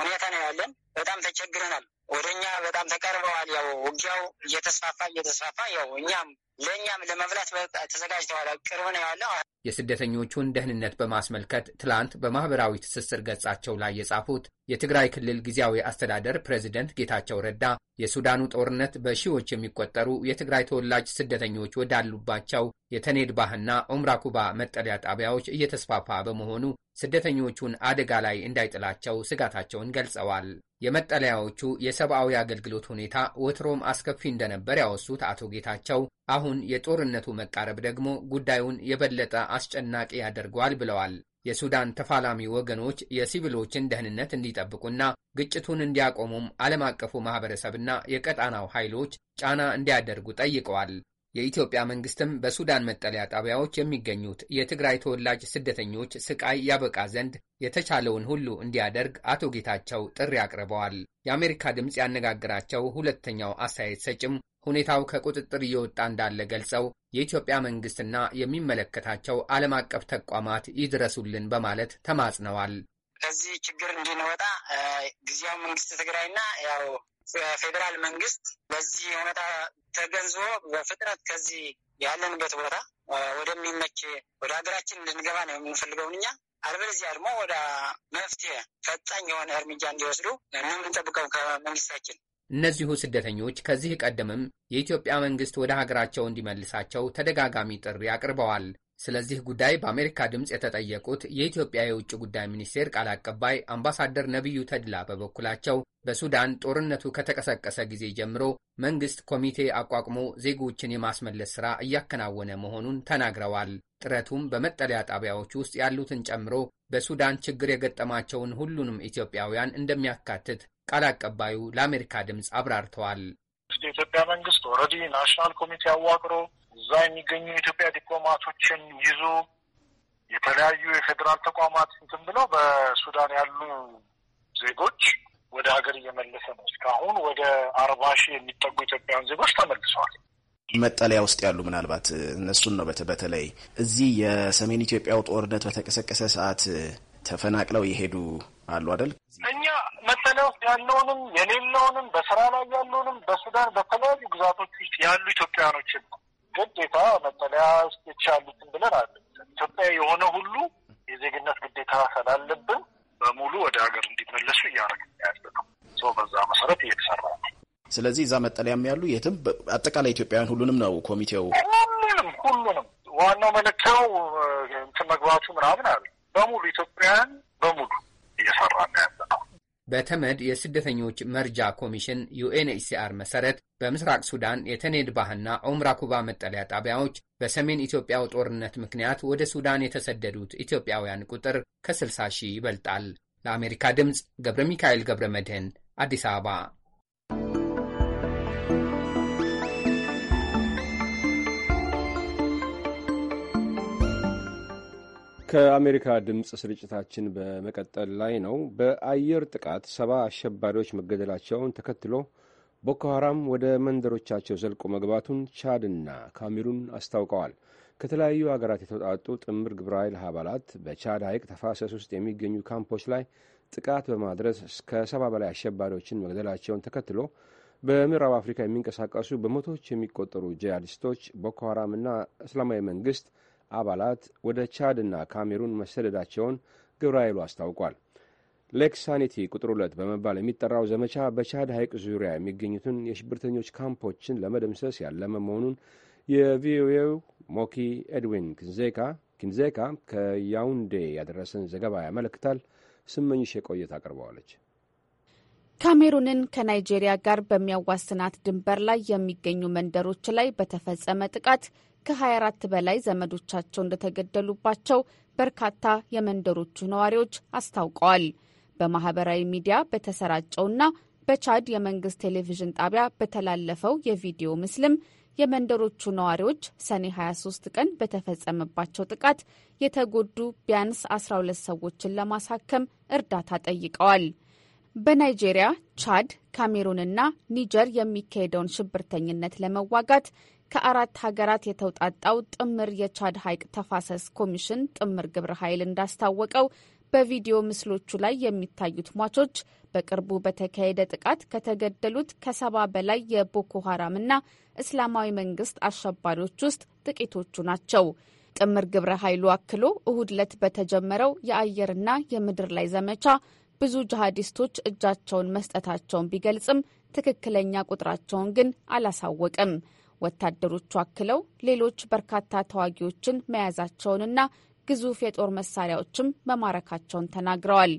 ሁኔታ ነው ያለን። በጣም ተቸግረናል። ወደ እኛ በጣም ተቀርበዋል። ያው ውጊያው እየተስፋፋ እየተስፋፋ ያው እኛም ለእኛም ለመብላት ተዘጋጅተዋል። ቅርብ ነው ያለው። የስደተኞቹን ደህንነት በማስመልከት ትላንት በማህበራዊ ትስስር ገጻቸው ላይ የጻፉት የትግራይ ክልል ጊዜያዊ አስተዳደር ፕሬዚደንት ጌታቸው ረዳ የሱዳኑ ጦርነት በሺዎች የሚቆጠሩ የትግራይ ተወላጅ ስደተኞች ወዳሉባቸው የተኔድባህና ኦምራኩባ መጠለያ ጣቢያዎች እየተስፋፋ በመሆኑ ስደተኞቹን አደጋ ላይ እንዳይጥላቸው ስጋታቸውን ገልጸዋል። የመጠለያዎቹ የሰብአዊ አገልግሎት ሁኔታ ወትሮም አስከፊ እንደነበር ያወሱት አቶ ጌታቸው አሁን የጦርነቱ መቃረብ ደግሞ ጉዳዩን የበለጠ አስጨናቂ ያደርገዋል ብለዋል። የሱዳን ተፋላሚ ወገኖች የሲቪሎችን ደህንነት እንዲጠብቁና ግጭቱን እንዲያቆሙም ዓለም አቀፉ ማኅበረሰብና የቀጣናው ኃይሎች ጫና እንዲያደርጉ ጠይቀዋል። የኢትዮጵያ መንግስትም በሱዳን መጠለያ ጣቢያዎች የሚገኙት የትግራይ ተወላጅ ስደተኞች ስቃይ ያበቃ ዘንድ የተቻለውን ሁሉ እንዲያደርግ አቶ ጌታቸው ጥሪ አቅርበዋል። የአሜሪካ ድምፅ ያነጋግራቸው ሁለተኛው አስተያየት ሰጭም ሁኔታው ከቁጥጥር እየወጣ እንዳለ ገልጸው የኢትዮጵያ መንግስትና የሚመለከታቸው ዓለም አቀፍ ተቋማት ይድረሱልን በማለት ተማጽነዋል። ከዚህ ችግር እንድንወጣ ጊዜያዊ መንግስት ትግራይና ያው የፌዴራል መንግስት በዚህ ሁኔታ ተገንዝቦ በፍጥነት ከዚህ ያለንበት ቦታ ወደሚመች ወደ ሀገራችን እንድንገባ ነው የምንፈልገውን እኛ አልበለዚያ ደግሞ ወደ መፍትሄ ፈጣኝ የሆነ እርምጃ እንዲወስዱ የምንጠብቀው ከመንግስታችን። እነዚሁ ስደተኞች ከዚህ ቀደምም የኢትዮጵያ መንግስት ወደ ሀገራቸው እንዲመልሳቸው ተደጋጋሚ ጥሪ አቅርበዋል። ስለዚህ ጉዳይ በአሜሪካ ድምፅ የተጠየቁት የኢትዮጵያ የውጭ ጉዳይ ሚኒስቴር ቃል አቀባይ አምባሳደር ነቢዩ ተድላ በበኩላቸው በሱዳን ጦርነቱ ከተቀሰቀሰ ጊዜ ጀምሮ መንግስት ኮሚቴ አቋቁሞ ዜጎችን የማስመለስ ሥራ እያከናወነ መሆኑን ተናግረዋል። ጥረቱም በመጠለያ ጣቢያዎች ውስጥ ያሉትን ጨምሮ በሱዳን ችግር የገጠማቸውን ሁሉንም ኢትዮጵያውያን እንደሚያካትት ቃል አቀባዩ ለአሜሪካ ድምፅ አብራርተዋል። የኢትዮጵያ መንግስት ኦልሬዲ ናሽናል ኮሚቴ አዋቅሮ እዛ የሚገኙ የኢትዮጵያ ዲፕሎማቶችን ይዞ የተለያዩ የፌዴራል ተቋማት እንትን ብለው በሱዳን ያሉ ዜጎች ወደ ሀገር እየመለሰ ነው። እስካሁን ወደ አርባ ሺህ የሚጠጉ ኢትዮጵያውያን ዜጎች ተመልሰዋል። መጠለያ ውስጥ ያሉ ምናልባት እነሱን ነው በተለይ እዚህ የሰሜን ኢትዮጵያው ጦርነት በተቀሰቀሰ ሰዓት ተፈናቅለው የሄዱ አሉ አደል እኛ መጠለያ ውስጥ ያለውንም የሌለውንም በስራ ላይ ያለውንም በሱዳን በተለያዩ ግዛቶች ውስጥ ያሉ ኢትዮጵያውያኖችን ነው ግዴታ መጠለያ ስች ያሉትን ብለን አለ ኢትዮጵያ የሆነ ሁሉ የዜግነት ግዴታ ስላለብን በሙሉ ወደ ሀገር እንዲመለሱ እያደረግን ያለ ነው። በዛ መሰረት እየተሰራ ነው። ስለዚህ እዛ መጠለያም ያሉ የትም አጠቃላይ ኢትዮጵያውያን ሁሉንም ነው ኮሚቴው ሁሉንም ሁሉንም ዋናው መለኪያው እንትን መግባቱ ምናምን አለ በሙሉ ኢትዮጵያውያን በሙሉ እየሰራ ነው ያለ ነው። በተመድ የስደተኞች መርጃ ኮሚሽን ዩኤንኤችሲአር መሰረት በምስራቅ ሱዳን የተኔድ ባህና ኩባ መጠለያ ጣቢያዎች በሰሜን ኢትዮጵያው ጦርነት ምክንያት ወደ ሱዳን የተሰደዱት ኢትዮጵያውያን ቁጥር ከ60 ሺህ ይበልጣል። ለአሜሪካ ድምፅ ገብረ ሚካኤል ገብረ መድህን አዲስ አበባ ከአሜሪካ ድምፅ ስርጭታችን በመቀጠል ላይ ነው። በአየር ጥቃት ሰባ አሸባሪዎች መገደላቸውን ተከትሎ ቦኮ ሐራም ወደ መንደሮቻቸው ዘልቆ መግባቱን ቻድና ካሜሩን አስታውቀዋል። ከተለያዩ ሀገራት የተውጣጡ ጥምር ግብረ ኃይል አባላት በቻድ ሐይቅ ተፋሰስ ውስጥ የሚገኙ ካምፖች ላይ ጥቃት በማድረስ እስከ ሰባ በላይ አሸባሪዎችን መግደላቸውን ተከትሎ በምዕራብ አፍሪካ የሚንቀሳቀሱ በመቶዎች የሚቆጠሩ ጂሃዲስቶች ቦኮ ሐራምና እስላማዊ መንግስት አባላት ወደ ቻድና ካሜሩን መሰደዳቸውን ግብረ ኃይሉ አስታውቋል። ሌክ ሳኒቲ ቁጥር ሁለት በመባል የሚጠራው ዘመቻ በቻድ ሐይቅ ዙሪያ የሚገኙትን የሽብርተኞች ካምፖችን ለመደምሰስ ያለመ መሆኑን የቪኦኤው ሞኪ ኤድዊን ኪንዜካ ኪንዜካ ከያውንዴ ያደረሰን ዘገባ ያመለክታል። ስመኝሽ የቆየት አቅርበዋለች። ካሜሩንን ከናይጄሪያ ጋር በሚያዋስናት ድንበር ላይ የሚገኙ መንደሮች ላይ በተፈጸመ ጥቃት ከ24 በላይ ዘመዶቻቸው እንደተገደሉባቸው በርካታ የመንደሮቹ ነዋሪዎች አስታውቀዋል። በማህበራዊ ሚዲያ በተሰራጨውና በቻድ የመንግስት ቴሌቪዥን ጣቢያ በተላለፈው የቪዲዮ ምስልም የመንደሮቹ ነዋሪዎች ሰኔ 23 ቀን በተፈጸመባቸው ጥቃት የተጎዱ ቢያንስ 12 ሰዎችን ለማሳከም እርዳታ ጠይቀዋል። በናይጄሪያ፣ ቻድ፣ ካሜሩንና ኒጀር የሚካሄደውን ሽብርተኝነት ለመዋጋት ከአራት ሀገራት የተውጣጣው ጥምር የቻድ ሐይቅ ተፋሰስ ኮሚሽን ጥምር ግብረ ኃይል እንዳስታወቀው በቪዲዮ ምስሎቹ ላይ የሚታዩት ሟቾች በቅርቡ በተካሄደ ጥቃት ከተገደሉት ከሰባ በላይ የቦኮ ሀራምና እስላማዊ መንግስት አሸባሪዎች ውስጥ ጥቂቶቹ ናቸው። ጥምር ግብረ ኃይሉ አክሎ እሁድ ዕለት በተጀመረው የአየርና የምድር ላይ ዘመቻ ብዙ ጂሃዲስቶች እጃቸውን መስጠታቸውን ቢገልጽም ትክክለኛ ቁጥራቸውን ግን አላሳወቅም። ወታደሮቹ አክለው ሌሎች በርካታ ተዋጊዎችን መያዛቸውንና ግዙፍ የጦር መሳሪያዎችም መማረካቸውን ተናግረዋል።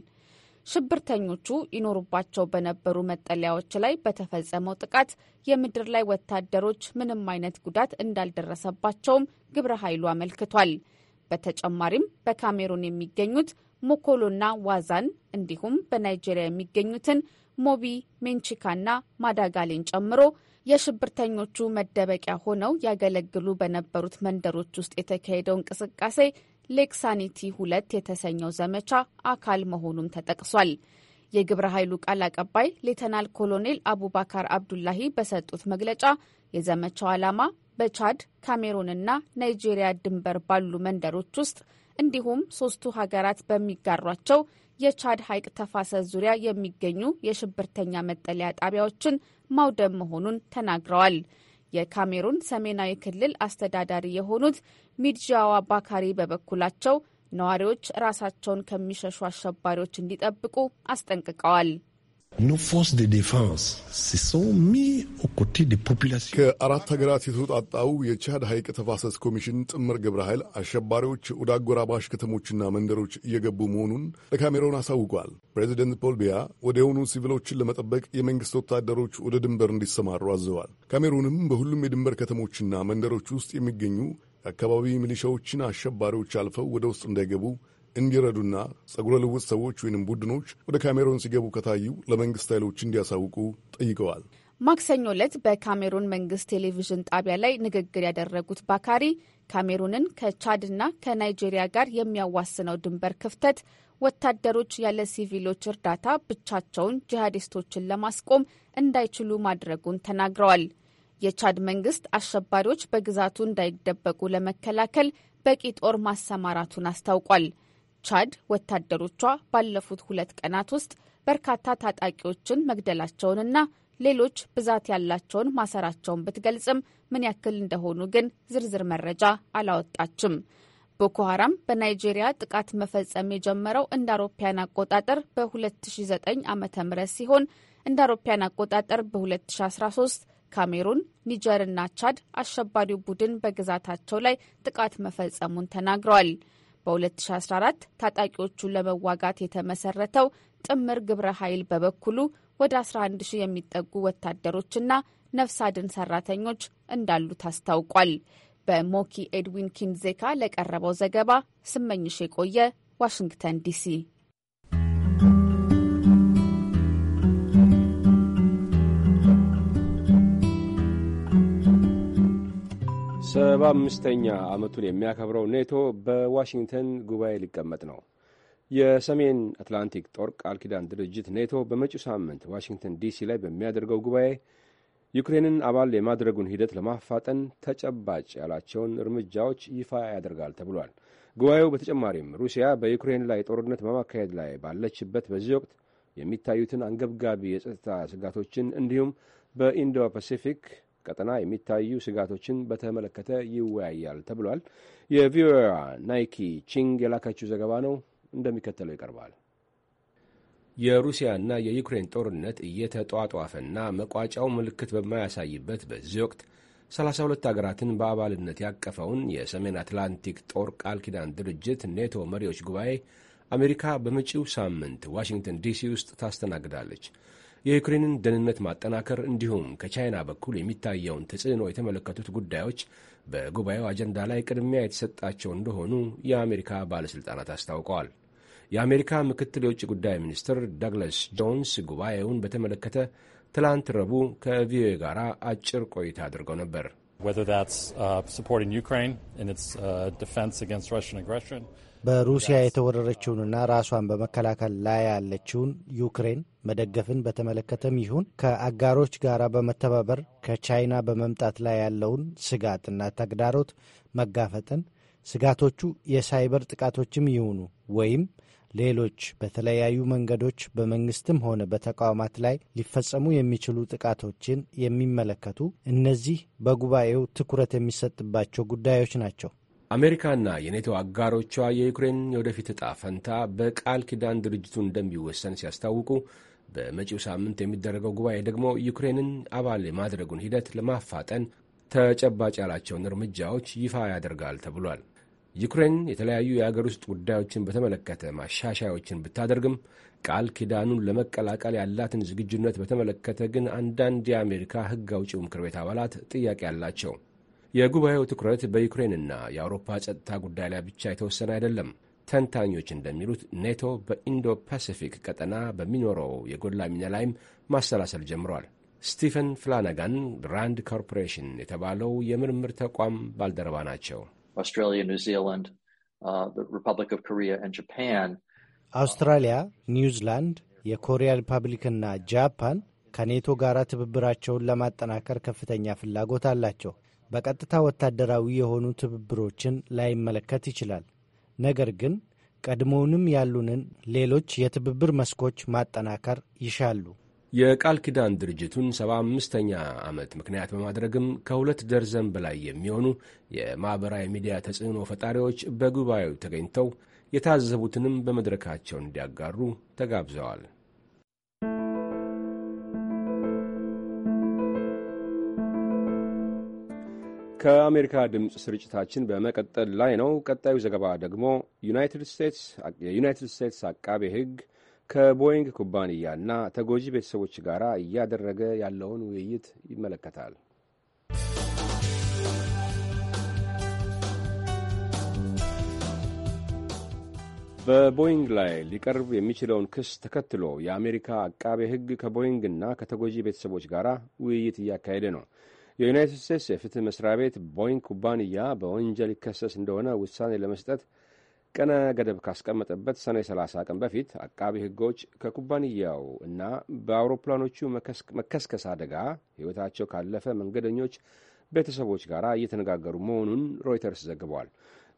ሽብርተኞቹ ይኖሩባቸው በነበሩ መጠለያዎች ላይ በተፈጸመው ጥቃት የምድር ላይ ወታደሮች ምንም አይነት ጉዳት እንዳልደረሰባቸውም ግብረ ኃይሉ አመልክቷል። በተጨማሪም በካሜሩን የሚገኙት ሞኮሎና ዋዛን እንዲሁም በናይጄሪያ የሚገኙትን ሞቢ ሜንቺካና ማዳጋሌን ጨምሮ የሽብርተኞቹ መደበቂያ ሆነው ያገለግሉ በነበሩት መንደሮች ውስጥ የተካሄደው እንቅስቃሴ ሌክሳኒቲ ሁለት የተሰኘው ዘመቻ አካል መሆኑም ተጠቅሷል። የግብረ ኃይሉ ቃል አቀባይ ሌተናል ኮሎኔል አቡባካር አብዱላሂ በሰጡት መግለጫ የዘመቻው ዓላማ በቻድ ካሜሩንና ናይጄሪያ ድንበር ባሉ መንደሮች ውስጥ እንዲሁም ሶስቱ ሀገራት በሚጋሯቸው የቻድ ሐይቅ ተፋሰስ ዙሪያ የሚገኙ የሽብርተኛ መጠለያ ጣቢያዎችን ማውደም መሆኑን ተናግረዋል። የካሜሩን ሰሜናዊ ክልል አስተዳዳሪ የሆኑት ሚድዣዋ ባካሪ በበኩላቸው ነዋሪዎች ራሳቸውን ከሚሸሹ አሸባሪዎች እንዲጠብቁ አስጠንቅቀዋል። nos forces de défense se sont mis aux côtés des populations. ከአራት ሀገራት የተውጣጣው የቻድ ሐይቅ ተፋሰስ ኮሚሽን ጥምር ግብረ ኃይል አሸባሪዎች ወደ አጎራባሽ ከተሞችና መንደሮች እየገቡ መሆኑን ለካሜሮን አሳውቋል። ፕሬዚደንት ፖል ቢያ ወዲያውኑ ሲቪሎችን ለመጠበቅ የመንግሥት ወታደሮች ወደ ድንበር እንዲሰማሩ አዘዋል። ካሜሮንም በሁሉም የድንበር ከተሞችና መንደሮች ውስጥ የሚገኙ የአካባቢ ሚሊሻዎችን አሸባሪዎች አልፈው ወደ ውስጥ እንዳይገቡ እንዲረዱና ጸጉረ ልውጥ ሰዎች ወይንም ቡድኖች ወደ ካሜሮን ሲገቡ ከታዩ ለመንግስት ኃይሎች እንዲያሳውቁ ጠይቀዋል። ማክሰኞ ዕለት በካሜሩን መንግስት ቴሌቪዥን ጣቢያ ላይ ንግግር ያደረጉት ባካሪ ካሜሩንን ከቻድና ከናይጄሪያ ጋር የሚያዋስነው ድንበር ክፍተት ወታደሮች ያለ ሲቪሎች እርዳታ ብቻቸውን ጂሃዲስቶችን ለማስቆም እንዳይችሉ ማድረጉን ተናግረዋል። የቻድ መንግስት አሸባሪዎች በግዛቱ እንዳይደበቁ ለመከላከል በቂ ጦር ማሰማራቱን አስታውቋል። ቻድ ወታደሮቿ ባለፉት ሁለት ቀናት ውስጥ በርካታ ታጣቂዎችን መግደላቸውንና ሌሎች ብዛት ያላቸውን ማሰራቸውን ብትገልጽም ምን ያክል እንደሆኑ ግን ዝርዝር መረጃ አላወጣችም። ቦኮ ሀራም በናይጄሪያ ጥቃት መፈጸም የጀመረው እንደ አውሮፓያን አቆጣጠር በ2009 ዓ.ም ሲሆን እንደ አውሮፓያን አቆጣጠር በ2013 ካሜሩን፣ ኒጀርና ቻድ አሸባሪው ቡድን በግዛታቸው ላይ ጥቃት መፈጸሙን ተናግረዋል። በ2014 ታጣቂዎቹን ለመዋጋት የተመሰረተው ጥምር ግብረ ኃይል በበኩሉ ወደ 11 ሺህ የሚጠጉ ወታደሮችና ነፍስ አድን ሰራተኞች እንዳሉት አስታውቋል። በሞኪ ኤድዊን ኪንዜካ ለቀረበው ዘገባ ስመኝሽ የቆየ ዋሽንግተን ዲሲ ሰባ አምስተኛ ዓመቱን የሚያከብረው ኔቶ በዋሽንግተን ጉባኤ ሊቀመጥ ነው። የሰሜን አትላንቲክ ጦር ቃል ኪዳን ድርጅት ኔቶ በመጪው ሳምንት ዋሽንግተን ዲሲ ላይ በሚያደርገው ጉባኤ ዩክሬንን አባል የማድረጉን ሂደት ለማፋጠን ተጨባጭ ያላቸውን እርምጃዎች ይፋ ያደርጋል ተብሏል። ጉባኤው በተጨማሪም ሩሲያ በዩክሬን ላይ ጦርነት በማካሄድ ላይ ባለችበት በዚህ ወቅት የሚታዩትን አንገብጋቢ የጸጥታ ስጋቶችን እንዲሁም በኢንዶ ፓሲፊክ ቀጠና የሚታዩ ስጋቶችን በተመለከተ ይወያያል ተብሏል። የቪኦኤ ናይኪ ቺንግ የላከችው ዘገባ ነው፣ እንደሚከተለው ይቀርባል። የሩሲያና የዩክሬን ጦርነት እየተጧጧፈና መቋጫው ምልክት በማያሳይበት በዚህ ወቅት 32 አገራትን በአባልነት ያቀፈውን የሰሜን አትላንቲክ ጦር ቃል ኪዳን ድርጅት ኔቶ መሪዎች ጉባኤ አሜሪካ በመጪው ሳምንት ዋሽንግተን ዲሲ ውስጥ ታስተናግዳለች። የዩክሬንን ደህንነት ማጠናከር እንዲሁም ከቻይና በኩል የሚታየውን ተጽዕኖ የተመለከቱት ጉዳዮች በጉባኤው አጀንዳ ላይ ቅድሚያ የተሰጣቸው እንደሆኑ የአሜሪካ ባለሥልጣናት አስታውቀዋል። የአሜሪካ ምክትል የውጭ ጉዳይ ሚኒስትር ዳግለስ ጆንስ ጉባኤውን በተመለከተ ትላንት ረቡዕ ከቪኦኤ ጋር አጭር ቆይታ አድርገው ነበር። በሩሲያ የተወረረችውንና ራሷን በመከላከል ላይ ያለችውን ዩክሬን መደገፍን በተመለከተም ይሁን ከአጋሮች ጋር በመተባበር ከቻይና በመምጣት ላይ ያለውን ስጋትና ተግዳሮት መጋፈጥን ስጋቶቹ የሳይበር ጥቃቶችም ይሁኑ ወይም ሌሎች በተለያዩ መንገዶች በመንግስትም ሆነ በተቋማት ላይ ሊፈጸሙ የሚችሉ ጥቃቶችን የሚመለከቱ እነዚህ በጉባኤው ትኩረት የሚሰጥባቸው ጉዳዮች ናቸው። አሜሪካና የኔቶ አጋሮቿ የዩክሬን የወደፊት እጣ ፈንታ በቃል ኪዳን ድርጅቱ እንደሚወሰን ሲያስታውቁ በመጪው ሳምንት የሚደረገው ጉባኤ ደግሞ ዩክሬንን አባል የማድረጉን ሂደት ለማፋጠን ተጨባጭ ያላቸውን እርምጃዎች ይፋ ያደርጋል ተብሏል። ዩክሬን የተለያዩ የአገር ውስጥ ጉዳዮችን በተመለከተ ማሻሻያዎችን ብታደርግም ቃል ኪዳኑን ለመቀላቀል ያላትን ዝግጁነት በተመለከተ ግን አንዳንድ የአሜሪካ ሕግ አውጪው ምክር ቤት አባላት ጥያቄ አላቸው። የጉባኤው ትኩረት በዩክሬንና የአውሮፓ ጸጥታ ጉዳይ ላይ ብቻ የተወሰነ አይደለም። ተንታኞች እንደሚሉት ኔቶ በኢንዶ ፓሲፊክ ቀጠና በሚኖረው የጎላ ሚና ላይም ማሰላሰል ጀምሯል። ስቲፈን ፍላነጋን ራንድ ኮርፖሬሽን የተባለው የምርምር ተቋም ባልደረባ ናቸው። አውስትራሊያ፣ ኒውዚላንድ፣ የኮሪያ ሪፐብሊክና ጃፓን ከኔቶ ጋር ትብብራቸውን ለማጠናከር ከፍተኛ ፍላጎት አላቸው። በቀጥታ ወታደራዊ የሆኑ ትብብሮችን ላይመለከት ይችላል። ነገር ግን ቀድሞውንም ያሉንን ሌሎች የትብብር መስኮች ማጠናከር ይሻሉ። የቃል ኪዳን ድርጅቱን ሰባ አምስተኛ ዓመት ምክንያት በማድረግም ከሁለት ደርዘን በላይ የሚሆኑ የማኅበራዊ ሚዲያ ተጽዕኖ ፈጣሪዎች በጉባኤው ተገኝተው የታዘቡትንም በመድረካቸው እንዲያጋሩ ተጋብዘዋል። ከአሜሪካ ድምፅ ስርጭታችን በመቀጠል ላይ ነው። ቀጣዩ ዘገባ ደግሞ የዩናይትድ ስቴትስ አቃቤ ሕግ ከቦይንግ ኩባንያ እና ተጎጂ ቤተሰቦች ጋር እያደረገ ያለውን ውይይት ይመለከታል። በቦይንግ ላይ ሊቀርብ የሚችለውን ክስ ተከትሎ የአሜሪካ አቃቤ ሕግ ከቦይንግና ከተጎጂ ቤተሰቦች ጋር ውይይት እያካሄደ ነው። የዩናይትድ ስቴትስ የፍትህ መስሪያ ቤት ቦይንግ ኩባንያ በወንጀል ይከሰስ እንደሆነ ውሳኔ ለመስጠት ቀነ ገደብ ካስቀመጠበት ሰኔ 30 ቀን በፊት አቃቢ ህጎች ከኩባንያው እና በአውሮፕላኖቹ መከስከስ አደጋ ህይወታቸው ካለፈ መንገደኞች ቤተሰቦች ጋር እየተነጋገሩ መሆኑን ሮይተርስ ዘግቧል።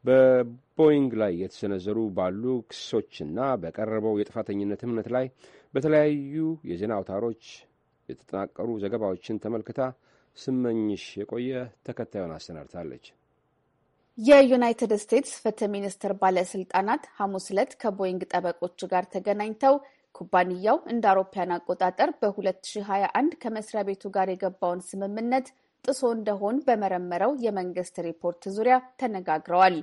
በቦይንግ ላይ የተሰነዘሩ ባሉ ክሶችና በቀረበው የጥፋተኝነት እምነት ላይ በተለያዩ የዜና አውታሮች የተጠናቀሩ ዘገባዎችን ተመልክታ ስመኝሽ የቆየ ተከታዩን አሰናድታለች። የዩናይትድ ስቴትስ ፍትህ ሚኒስቴር ባለስልጣናት ሐሙስ ዕለት ከቦይንግ ጠበቆች ጋር ተገናኝተው ኩባንያው እንደ አውሮፓያን አቆጣጠር በ2021 ከመስሪያ ቤቱ ጋር የገባውን ስምምነት ጥሶ እንደሆን በመረመረው የመንግስት ሪፖርት ዙሪያ ተነጋግረዋል።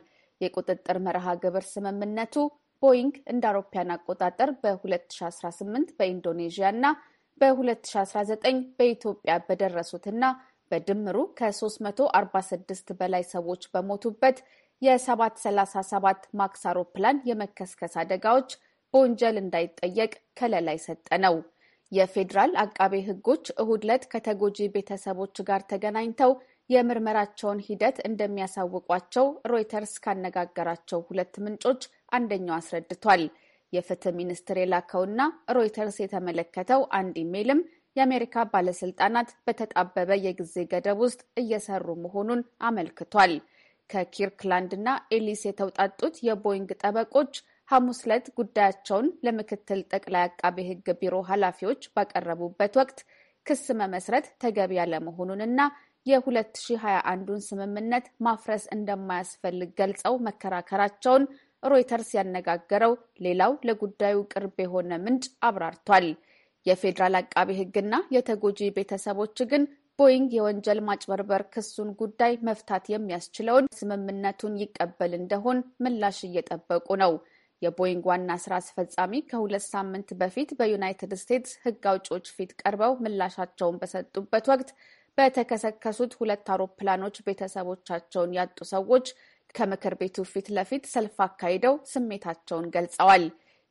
የቁጥጥር መርሃ ግብር ስምምነቱ ቦይንግ እንደ አውሮፓያን አቆጣጠር በ2018 በኢንዶኔዥያ እና በ2019 በኢትዮጵያ በደረሱትና በድምሩ ከ346 በላይ ሰዎች በሞቱበት የ737 ማክስ አውሮፕላን የመከስከስ አደጋዎች በወንጀል እንዳይጠየቅ ከለላ የሰጠ ነው። የፌዴራል አቃቤ ሕጎች እሁድ ዕለት ከተጎጂ ቤተሰቦች ጋር ተገናኝተው የምርመራቸውን ሂደት እንደሚያሳውቋቸው ሮይተርስ ካነጋገራቸው ሁለት ምንጮች አንደኛው አስረድቷል። የፍትህ ሚኒስቴር የላከውና ሮይተርስ የተመለከተው አንድ ኢሜይልም የአሜሪካ ባለስልጣናት በተጣበበ የጊዜ ገደብ ውስጥ እየሰሩ መሆኑን አመልክቷል። ከኪርክላንድና ኤሊስ የተውጣጡት የቦይንግ ጠበቆች ሐሙስ ዕለት ጉዳያቸውን ለምክትል ጠቅላይ አቃቤ ሕግ ቢሮ ኃላፊዎች ባቀረቡበት ወቅት ክስ መመስረት ተገቢ ያለመሆኑንና የ2021ን ስምምነት ማፍረስ እንደማያስፈልግ ገልጸው መከራከራቸውን ሮይተርስ ያነጋገረው ሌላው ለጉዳዩ ቅርብ የሆነ ምንጭ አብራርቷል። የፌዴራል አቃቤ ሕግና የተጎጂ ቤተሰቦች ግን ቦይንግ የወንጀል ማጭበርበር ክሱን ጉዳይ መፍታት የሚያስችለውን ስምምነቱን ይቀበል እንደሆን ምላሽ እየጠበቁ ነው። የቦይንግ ዋና ስራ አስፈጻሚ ከሁለት ሳምንት በፊት በዩናይትድ ስቴትስ ሕግ አውጪዎች ፊት ቀርበው ምላሻቸውን በሰጡበት ወቅት በተከሰከሱት ሁለት አውሮፕላኖች ቤተሰቦቻቸውን ያጡ ሰዎች ከምክር ቤቱ ፊት ለፊት ሰልፍ አካሂደው ስሜታቸውን ገልጸዋል።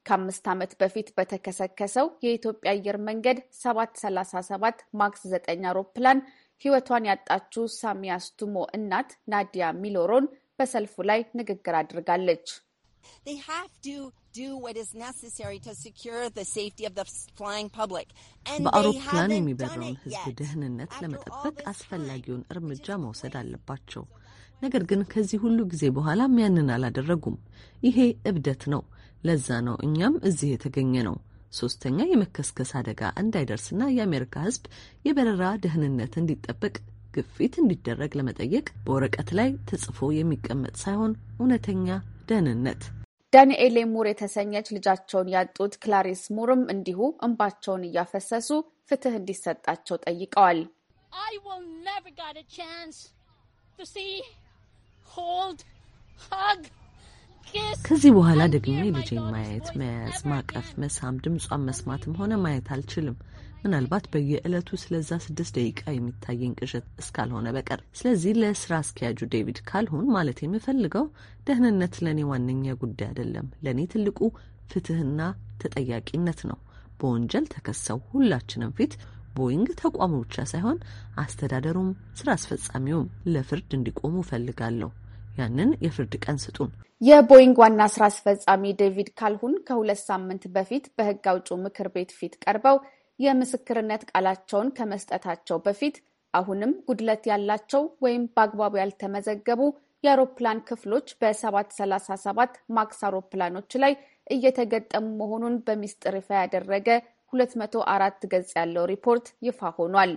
ከአምስት ዓመት በፊት በተከሰከሰው የኢትዮጵያ አየር መንገድ 737 ማክስ 9 አውሮፕላን ሕይወቷን ያጣችው ሳሚያስቱሞ እናት ናዲያ ሚሎሮን በሰልፉ ላይ ንግግር አድርጋለች። በአውሮፕላን የሚበረውን ሕዝብ ደህንነት ለመጠበቅ አስፈላጊውን እርምጃ መውሰድ አለባቸው። ነገር ግን ከዚህ ሁሉ ጊዜ በኋላም ያንን አላደረጉም። ይሄ እብደት ነው። ለዛ ነው እኛም እዚህ የተገኘ ነው። ሶስተኛ የመከስከስ አደጋ እንዳይደርስና የአሜሪካ ሕዝብ የበረራ ደህንነት እንዲጠበቅ ግፊት እንዲደረግ ለመጠየቅ በወረቀት ላይ ተጽፎ የሚቀመጥ ሳይሆን እውነተኛ ደህንነት። ዳንኤሌ ሙር የተሰኘች ልጃቸውን ያጡት ክላሪስ ሙርም እንዲሁ እንባቸውን እያፈሰሱ ፍትህ እንዲሰጣቸው ጠይቀዋል። ከዚህ በኋላ ደግሞ የልጄን ማየት፣ መያዝ፣ ማቀፍ፣ መሳም፣ ድምጿን መስማትም ሆነ ማየት አልችልም። ምናልባት በየዕለቱ ስለዛ ስድስት ደቂቃ የሚታየኝ ቅዠት እስካልሆነ በቀር። ስለዚህ ለስራ አስኪያጁ ዴቪድ ካልሆን ማለት የምፈልገው ደህንነት ለእኔ ዋነኛ ጉዳይ አይደለም። ለእኔ ትልቁ ፍትህና ተጠያቂነት ነው። በወንጀል ተከሰው ሁላችንም ፊት ቦይንግ ተቋሙ ብቻ ሳይሆን አስተዳደሩም ስራ አስፈጻሚውም ለፍርድ እንዲቆሙ እፈልጋለሁ። ያንን የፍርድ ቀን ስጡን። የቦይንግ ዋና ስራ አስፈጻሚ ዴቪድ ካልሁን ከሁለት ሳምንት በፊት በህግ አውጪው ምክር ቤት ፊት ቀርበው የምስክርነት ቃላቸውን ከመስጠታቸው በፊት አሁንም ጉድለት ያላቸው ወይም በአግባቡ ያልተመዘገቡ የአውሮፕላን ክፍሎች በ737 ማክስ አውሮፕላኖች ላይ እየተገጠሙ መሆኑን በሚስጥር ይፋ ያደረገ 204 ገጽ ያለው ሪፖርት ይፋ ሆኗል።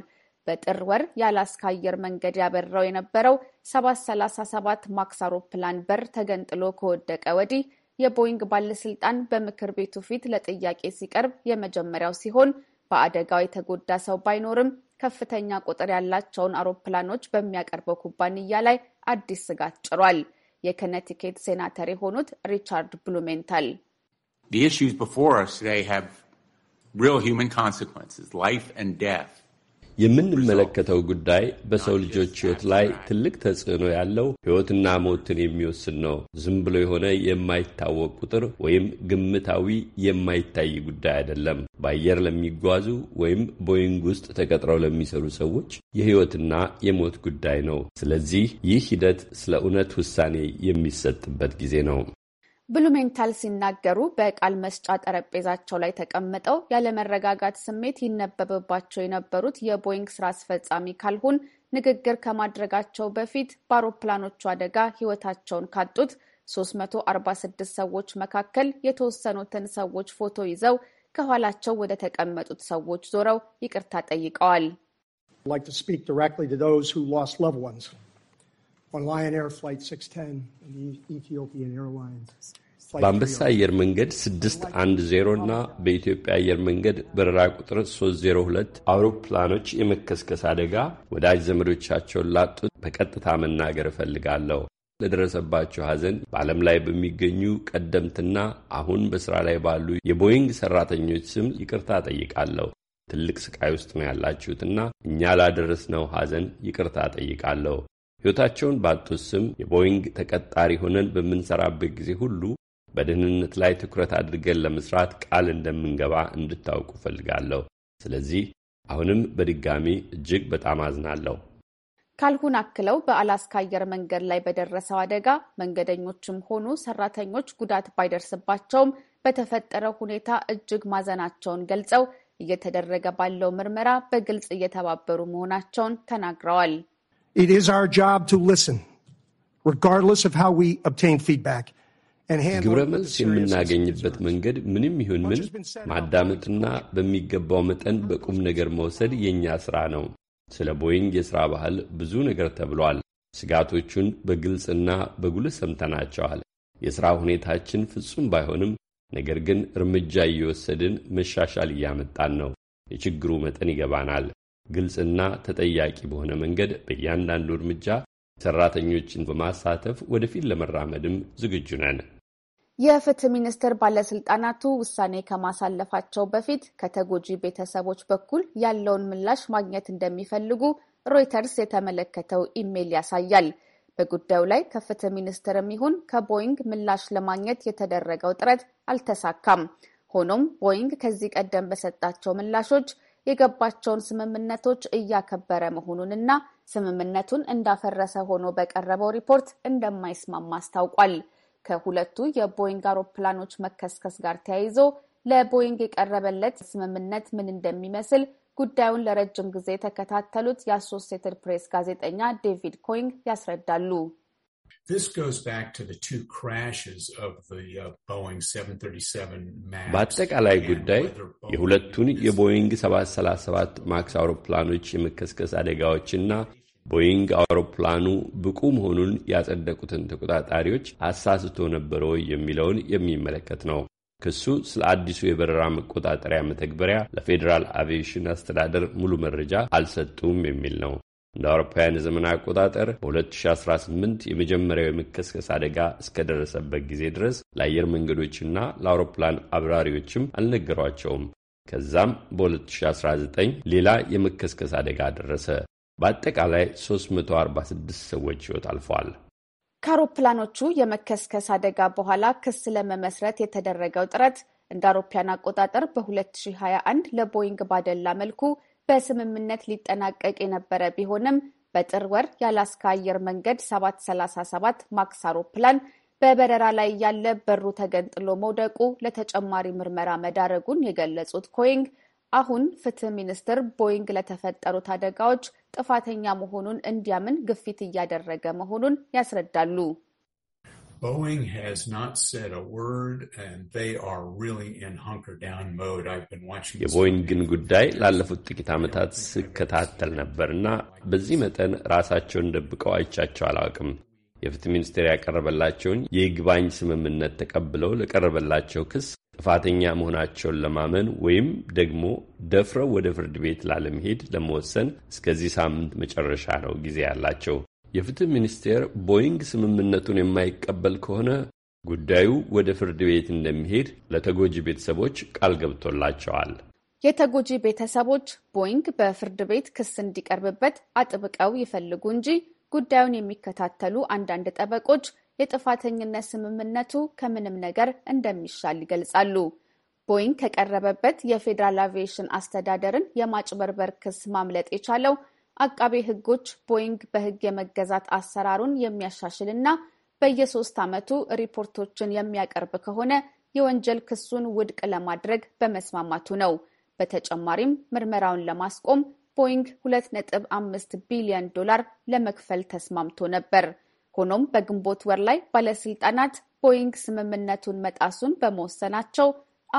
በጥር ወር የአላስካ አየር መንገድ ያበረው የነበረው 737 ማክስ አውሮፕላን በር ተገንጥሎ ከወደቀ ወዲህ የቦይንግ ባለስልጣን በምክር ቤቱ ፊት ለጥያቄ ሲቀርብ የመጀመሪያው ሲሆን በአደጋው የተጎዳ ሰው ባይኖርም ከፍተኛ ቁጥር ያላቸውን አውሮፕላኖች በሚያቀርበው ኩባንያ ላይ አዲስ ስጋት ጭሯል። የከነቲኬት ሴናተር የሆኑት ሪቻርድ ብሉሜንታል The issues before us today have የምንመለከተው ጉዳይ በሰው ልጆች ሕይወት ላይ ትልቅ ተጽዕኖ ያለው ሕይወትና ሞትን የሚወስን ነው። ዝም ብሎ የሆነ የማይታወቅ ቁጥር ወይም ግምታዊ የማይታይ ጉዳይ አይደለም። በአየር ለሚጓዙ ወይም ቦይንግ ውስጥ ተቀጥረው ለሚሰሩ ሰዎች የሕይወትና የሞት ጉዳይ ነው። ስለዚህ ይህ ሂደት ስለ እውነት ውሳኔ የሚሰጥበት ጊዜ ነው። ብሉሜንታል ሲናገሩ በቃል መስጫ ጠረጴዛቸው ላይ ተቀምጠው ያለመረጋጋት ስሜት ይነበብባቸው የነበሩት የቦይንግ ስራ አስፈጻሚ ካልሆን ንግግር ከማድረጋቸው በፊት በአውሮፕላኖቹ አደጋ ሕይወታቸውን ካጡት 346 ሰዎች መካከል የተወሰኑትን ሰዎች ፎቶ ይዘው ከኋላቸው ወደ ተቀመጡት ሰዎች ዞረው ይቅርታ ጠይቀዋል። በአንበሳ oh. አየር መንገድ 610 እና በኢትዮጵያ አየር መንገድ በረራ ቁጥር 302 አውሮፕላኖች የመከስከስ አደጋ ወዳጅ ዘመዶቻቸውን ላጡት በቀጥታ መናገር እፈልጋለሁ። ለደረሰባቸው ሐዘን በዓለም ላይ በሚገኙ ቀደምትና አሁን በሥራ ላይ ባሉ የቦይንግ ሠራተኞች ስም ይቅርታ ጠይቃለሁ። ትልቅ ስቃይ ውስጥ ነው ያላችሁትና እኛ ላደረስነው ሐዘን ይቅርታ ጠይቃለሁ። ሕይወታቸውን ባጡት ስም የቦይንግ ተቀጣሪ ሆነን በምንሰራበት ጊዜ ሁሉ በደህንነት ላይ ትኩረት አድርገን ለመስራት ቃል እንደምንገባ እንድታውቁ እፈልጋለሁ። ስለዚህ አሁንም በድጋሚ እጅግ በጣም አዝናለሁ። ካልሁን አክለው በአላስካ አየር መንገድ ላይ በደረሰው አደጋ መንገደኞችም ሆኑ ሰራተኞች ጉዳት ባይደርስባቸውም በተፈጠረው ሁኔታ እጅግ ማዘናቸውን ገልጸው እየተደረገ ባለው ምርመራ በግልጽ እየተባበሩ መሆናቸውን ተናግረዋል። It is our job to listen, regardless of how we obtain feedback. ግብረ መልስ የምናገኝበት መንገድ ምንም ይሁን ምን ማዳመጥና በሚገባው መጠን በቁም ነገር መውሰድ የእኛ ሥራ ነው። ስለ ቦይንግ የሥራ ባህል ብዙ ነገር ተብሏል። ስጋቶቹን በግልጽና በጉልህ ሰምተናቸዋል። የሥራ ሁኔታችን ፍጹም ባይሆንም ነገር ግን እርምጃ እየወሰድን መሻሻል እያመጣን ነው። የችግሩ መጠን ይገባናል። ግልጽና ተጠያቂ በሆነ መንገድ በእያንዳንዱ እርምጃ ሰራተኞችን በማሳተፍ ወደፊት ለመራመድም ዝግጁ ነን። የፍትህ ሚኒስቴር ባለስልጣናቱ ውሳኔ ከማሳለፋቸው በፊት ከተጎጂ ቤተሰቦች በኩል ያለውን ምላሽ ማግኘት እንደሚፈልጉ ሮይተርስ የተመለከተው ኢሜይል ያሳያል። በጉዳዩ ላይ ከፍትህ ሚኒስቴርም ይሁን ከቦይንግ ምላሽ ለማግኘት የተደረገው ጥረት አልተሳካም። ሆኖም ቦይንግ ከዚህ ቀደም በሰጣቸው ምላሾች የገባቸውን ስምምነቶች እያከበረ መሆኑንና ስምምነቱን እንዳፈረሰ ሆኖ በቀረበው ሪፖርት እንደማይስማማ አስታውቋል። ከሁለቱ የቦይንግ አውሮፕላኖች መከስከስ ጋር ተያይዞ ለቦይንግ የቀረበለት ስምምነት ምን እንደሚመስል ጉዳዩን ለረጅም ጊዜ የተከታተሉት የአሶሴትድ ፕሬስ ጋዜጠኛ ዴቪድ ኮይንግ ያስረዳሉ። Uh, በአጠቃላይ ጉዳይ የሁለቱን የቦይንግ 737 ማክስ አውሮፕላኖች የመከስከስ አደጋዎችና ቦይንግ አውሮፕላኑ ብቁ መሆኑን ያጸደቁትን ተቆጣጣሪዎች አሳስቶ ነበር ወይ የሚለውን የሚመለከት ነው። ክሱ ስለ አዲሱ የበረራ መቆጣጠሪያ መተግበሪያ ለፌዴራል አቪዬሽን አስተዳደር ሙሉ መረጃ አልሰጡም የሚል ነው። እንደ አውሮፓውያን የዘመን አቆጣጠር በ2018 የመጀመሪያው የመከስከስ አደጋ እስከደረሰበት ጊዜ ድረስ ለአየር መንገዶችና ለአውሮፕላን አብራሪዎችም አልነገሯቸውም። ከዛም በ2019 ሌላ የመከስከስ አደጋ ደረሰ። በአጠቃላይ 346 ሰዎች ሕይወት አልፏል። ከአውሮፕላኖቹ የመከስከስ አደጋ በኋላ ክስ ለመመስረት የተደረገው ጥረት እንደ አውሮፓውያን አቆጣጠር በ2021 ለቦይንግ ባደላ መልኩ በስምምነት ሊጠናቀቅ የነበረ ቢሆንም በጥር ወር የአላስካ አየር መንገድ 737 ማክስ አውሮፕላን በበረራ ላይ ያለ በሩ ተገንጥሎ መውደቁ ለተጨማሪ ምርመራ መዳረጉን የገለጹት ኮይንግ አሁን ፍትህ ሚኒስትር ቦይንግ ለተፈጠሩት አደጋዎች ጥፋተኛ መሆኑን እንዲያምን ግፊት እያደረገ መሆኑን ያስረዳሉ። Boeing has not said a word and they are really in hunker down mode. I've been watching የቦይንግን ጉዳይ ላለፉት ጥቂት ዓመታት ስከታተል ነበርና በዚህ መጠን ራሳቸውን ደብቀው አይቻቸው አላውቅም። የፍትህ ሚኒስቴር ያቀረበላቸውን የይግባኝ ስምምነት ተቀብለው ለቀረበላቸው ክስ ጥፋተኛ መሆናቸውን ለማመን ወይም ደግሞ ደፍረው ወደ ፍርድ ቤት ላለመሄድ ለመወሰን እስከዚህ ሳምንት መጨረሻ ነው ጊዜ ያላቸው። የፍትህ ሚኒስቴር ቦይንግ ስምምነቱን የማይቀበል ከሆነ ጉዳዩ ወደ ፍርድ ቤት እንደሚሄድ ለተጎጂ ቤተሰቦች ቃል ገብቶላቸዋል። የተጎጂ ቤተሰቦች ቦይንግ በፍርድ ቤት ክስ እንዲቀርብበት አጥብቀው ይፈልጉ እንጂ ጉዳዩን የሚከታተሉ አንዳንድ ጠበቆች የጥፋተኝነት ስምምነቱ ከምንም ነገር እንደሚሻል ይገልጻሉ። ቦይንግ ከቀረበበት የፌዴራል አቪዬሽን አስተዳደርን የማጭበርበር ክስ ማምለጥ የቻለው አቃቤ ሕጎች ቦይንግ በሕግ የመገዛት አሰራሩን የሚያሻሽል በየሶስት ዓመቱ ሪፖርቶችን የሚያቀርብ ከሆነ የወንጀል ክሱን ውድቅ ለማድረግ በመስማማቱ ነው። በተጨማሪም ምርመራውን ለማስቆም ቦይንግ 2.5 ቢሊዮን ዶላር ለመክፈል ተስማምቶ ነበር። ሆኖም በግንቦት ወር ላይ ባለስልጣናት ቦይንግ ስምምነቱን መጣሱን በመወሰናቸው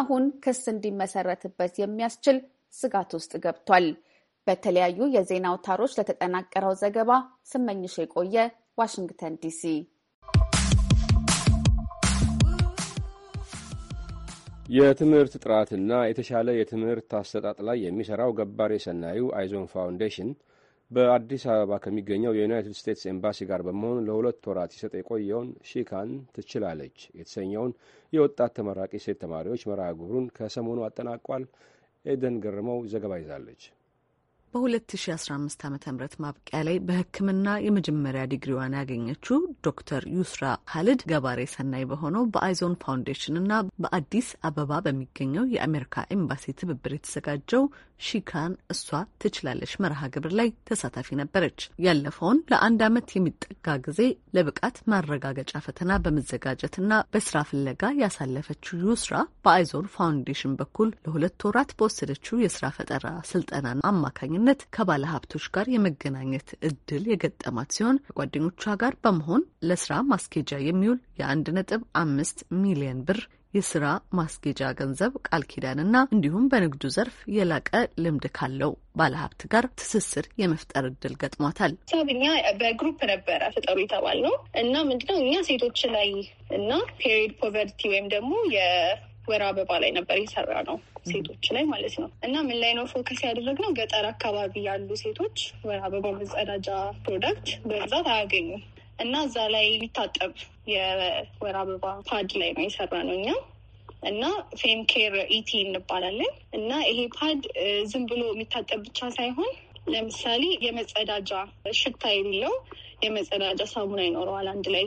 አሁን ክስ እንዲመሰረትበት የሚያስችል ስጋት ውስጥ ገብቷል። በተለያዩ የዜና አውታሮች ለተጠናቀረው ዘገባ ስመኝሽ የቆየ ዋሽንግተን ዲሲ። የትምህርት ጥራትና የተሻለ የትምህርት አሰጣጥ ላይ የሚሰራው ገባር የሰናዩ አይዞን ፋውንዴሽን በአዲስ አበባ ከሚገኘው የዩናይትድ ስቴትስ ኤምባሲ ጋር በመሆን ለሁለት ወራት ሲሰጥ የቆየውን ሺካን ትችላለች የተሰኘውን የወጣት ተመራቂ ሴት ተማሪዎች መርሃ ግብሩን ከሰሞኑ አጠናቋል። ኤደን ገርመው ዘገባ ይዛለች። በ2015 ዓ ም ማብቂያ ላይ በሕክምና የመጀመሪያ ዲግሪዋን ያገኘችው ዶክተር ዩስራ ካሊድ ገባሬ ሰናይ በሆነው በአይዞን ፋውንዴሽን እና በአዲስ አበባ በሚገኘው የአሜሪካ ኤምባሲ ትብብር የተዘጋጀው ሺካን እሷ ትችላለች መርሃ ግብር ላይ ተሳታፊ ነበረች። ያለፈውን ለአንድ ዓመት የሚጠጋ ጊዜ ለብቃት ማረጋገጫ ፈተና በመዘጋጀትና በስራ ፍለጋ ያሳለፈችው ዩስራ በአይዞን ፋውንዴሽን በኩል ለሁለት ወራት በወሰደችው የስራ ፈጠራ ስልጠና አማካኝነት ከባለ ሀብቶች ጋር የመገናኘት እድል የገጠማት ሲሆን ከጓደኞቿ ጋር በመሆን ለስራ ማስኬጃ የሚውል የአንድ ነጥብ አምስት ሚሊዮን ብር የስራ ማስጌጃ ገንዘብ ቃል ኪዳንና እንዲሁም በንግዱ ዘርፍ የላቀ ልምድ ካለው ባለሀብት ጋር ትስስር የመፍጠር እድል ገጥሟታል። ሳብ እኛ በግሩፕ ነበረ ፍጠሩ የተባል ነው እና ምንድነው እኛ ሴቶች ላይ እና ፔሪድ ፖቨርቲ ወይም ደግሞ የወር አበባ ላይ ነበር የሰራ ነው ሴቶች ላይ ማለት ነው እና ምን ላይ ነው ፎከስ ያደረግነው? ገጠር አካባቢ ያሉ ሴቶች ወር አበባ መጸዳጃ ፕሮዳክት በብዛት አያገኙም። እና እዛ ላይ የሚታጠብ የወር አበባ ፓድ ላይ ነው የሰራ ነው እኛ እና ፌም ኬር ኢቲ እንባላለን። እና ይሄ ፓድ ዝም ብሎ የሚታጠብ ብቻ ሳይሆን ለምሳሌ የመጸዳጃ ሽታ የሌለው የመጸዳጃ ሳሙና ይኖረዋል አንድ ላይ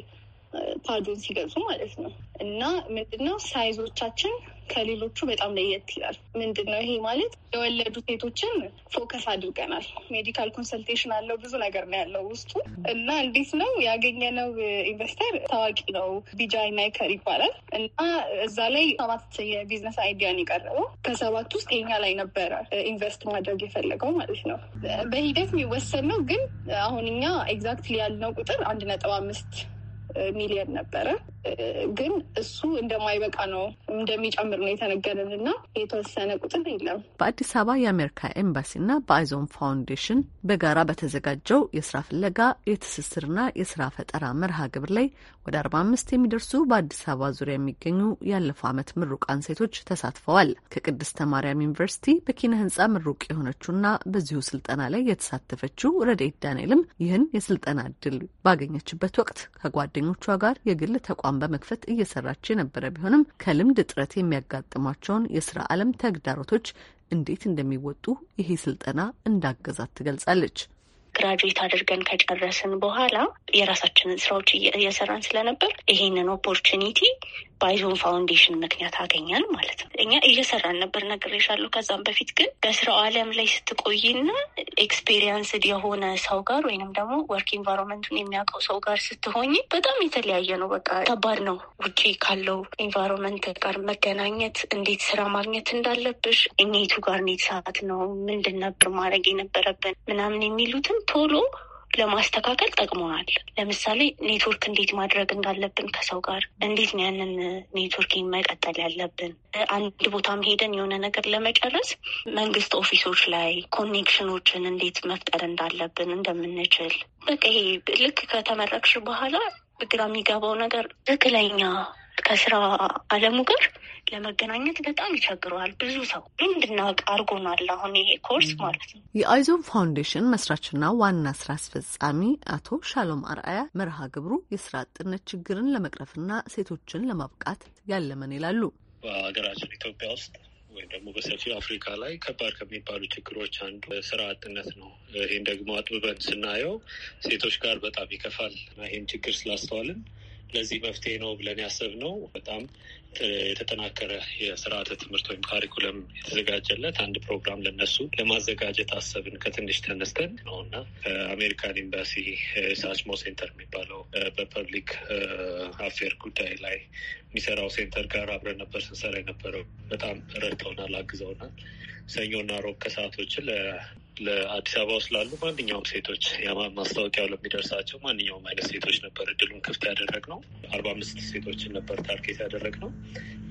ፓዱን ሲገልጹ ማለት ነው። እና ምንድነው ሳይዞቻችን ከሌሎቹ በጣም ለየት ይላል። ምንድን ነው ይሄ ማለት? የወለዱ ሴቶችን ፎከስ አድርገናል። ሜዲካል ኮንሰልቴሽን አለው፣ ብዙ ነገር ነው ያለው ውስጡ እና እንዴት ነው ያገኘነው ኢንቨስተር ታዋቂ ነው፣ ቢጃይ ናይከር ይባላል እና እዛ ላይ ሰባት የቢዝነስ አይዲያን የቀረበው ከሰባት ውስጥ የኛ ላይ ነበረ ኢንቨስት ማድረግ የፈለገው ማለት ነው። በሂደት የሚወሰን ነው ግን አሁን እኛ ኤግዛክትሊ ያልነው ቁጥር አንድ ነጥብ አምስት ሚሊዮን ነበረ። ግን እሱ እንደማይበቃ ነው እንደሚጨምር ነው የተነገረን እና የተወሰነ ቁጥር የለም። በአዲስ አበባ የአሜሪካ ኤምባሲና በአይዞን ፋውንዴሽን በጋራ በተዘጋጀው የስራ ፍለጋ የትስስርና የስራ ፈጠራ መርሃ ግብር ላይ ወደ አርባ አምስት የሚደርሱ በአዲስ አበባ ዙሪያ የሚገኙ ያለፈው ዓመት ምሩቃን ሴቶች ተሳትፈዋል። ከቅድስተ ማርያም ዩኒቨርሲቲ በኪነ ህንጻ ምሩቅ የሆነችውና በዚሁ ስልጠና ላይ የተሳተፈችው ረዴት ዳንኤልም ይህን የስልጠና እድል ባገኘችበት ወቅት ከጓደኞቿ ጋር የግል ተቋ ተቋም በመክፈት እየሰራች የነበረ ቢሆንም ከልምድ እጥረት የሚያጋጥሟቸውን የስራ ዓለም ተግዳሮቶች እንዴት እንደሚወጡ ይሄ ስልጠና እንዳገዛት ትገልጻለች። ግራጁዌት አድርገን ከጨረስን በኋላ የራሳችንን ስራዎች እየሰራን ስለነበር ይሄንን ኦፖርቹኒቲ ባይዞን ፋውንዴሽን ምክንያት አገኛል ማለት ነው። እኛ እየሰራን ነበር ነግሬሻለሁ። ከዛም በፊት ግን በስራው አለም ላይ ስትቆይና ኤክስፔሪየንስድ የሆነ ሰው ጋር ወይንም ደግሞ ወርክ ኢንቫይሮንመንቱን የሚያውቀው ሰው ጋር ስትሆኝ በጣም የተለያየ ነው። በቃ ከባድ ነው። ውጭ ካለው ኢንቫይሮንመንት ጋር መገናኘት፣ እንዴት ስራ ማግኘት እንዳለብሽ፣ እኔቱ ጋር ኔት ሰዓት ነው ምንድን ነበር ማድረግ የነበረብን ምናምን የሚሉትን ቶሎ ለማስተካከል ጠቅመዋል። ለምሳሌ ኔትወርክ እንዴት ማድረግ እንዳለብን ከሰው ጋር እንዴት ነው ያንን ኔትወርክ መቀጠል ያለብን። አንድ ቦታም ሄደን የሆነ ነገር ለመጨረስ መንግስት ኦፊሶች ላይ ኮኔክሽኖችን እንዴት መፍጠር እንዳለብን እንደምንችል በቃ ይሄ ልክ ከተመረቅሽ በኋላ ግራ የሚገባው ነገር ትክክለኛ ከስራ አለሙ ጋር ለመገናኘት በጣም ይቸግረዋል። ብዙ ሰው እንድናውቅ አድርጎናል። አሁን ይሄ ኮርስ ማለት ነው። የአይዞን ፋውንዴሽን መስራችና ዋና ስራ አስፈጻሚ አቶ ሻሎም አርአያ መርሃ ግብሩ የስራ አጥነት ችግርን ለመቅረፍና ሴቶችን ለማብቃት ያለመን ይላሉ። በሀገራችን ኢትዮጵያ ውስጥ ወይም ደግሞ በሰፊው አፍሪካ ላይ ከባድ ከሚባሉ ችግሮች አንዱ ስራ አጥነት ነው። ይህን ደግሞ አጥብበን ስናየው ሴቶች ጋር በጣም ይከፋል ይህን ችግር ስላስተዋልን ለዚህ መፍትሄ ነው ብለን ያሰብነው በጣም የተጠናከረ የስርዓተ ትምህርት ወይም ካሪኩለም የተዘጋጀለት አንድ ፕሮግራም ለነሱ ለማዘጋጀት አሰብን። ከትንሽ ተነስተን ነው እና አሜሪካን ኤምባሲ ሳችሞ ሴንተር የሚባለው በፐብሊክ አፌር ጉዳይ ላይ የሚሰራው ሴንተር ጋር አብረን ነበር ስንሰራ የነበረው። በጣም ረድተውናል፣ አግዘውናል። ሰኞና ሮብ ከሰዓቶች ለአዲስ አበባ ውስጥ ላሉ ማንኛውም ሴቶች ማስታወቂያው ለሚደርሳቸው ማንኛውም አይነት ሴቶች ነበር እድሉን ክፍት ነው። አርባ አምስት ሴቶችን ነበር ታርጌት ነው።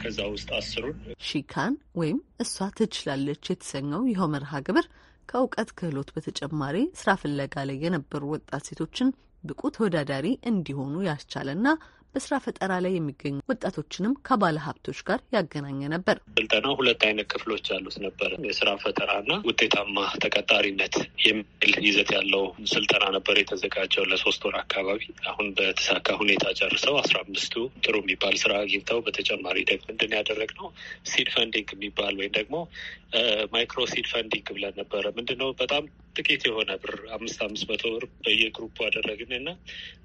ከዛ ውስጥ አስሩን ሺካን ወይም እሷ ትችላለች የተሰኘው ይኸው መርሃ ግብር ከእውቀት ክህሎት በተጨማሪ ስራ ፍለጋ ላይ የነበሩ ወጣት ሴቶችን ብቁ ተወዳዳሪ እንዲሆኑ ያስቻለና በስራ ፈጠራ ላይ የሚገኙ ወጣቶችንም ከባለ ሀብቶች ጋር ያገናኘ ነበር። ስልጠናው ሁለት አይነት ክፍሎች ያሉት ነበር። የስራ ፈጠራና ውጤታማ ተቀጣሪነት የሚል ይዘት ያለው ስልጠና ነበር የተዘጋጀው ለሶስት ወር አካባቢ። አሁን በተሳካ ሁኔታ ጨርሰው አስራ አምስቱ ጥሩ የሚባል ስራ አግኝተው በተጨማሪ ደግሞ ምንድን ያደረግነው ሲድ ፈንዲንግ የሚባል ወይም ደግሞ ማይክሮ ሲድ ፈንዲንግ ብለን ነበረ። ምንድነው በጣም ጥቂት የሆነ ብር አምስት አምስት መቶ ብር በየግሩፑ አደረግን እና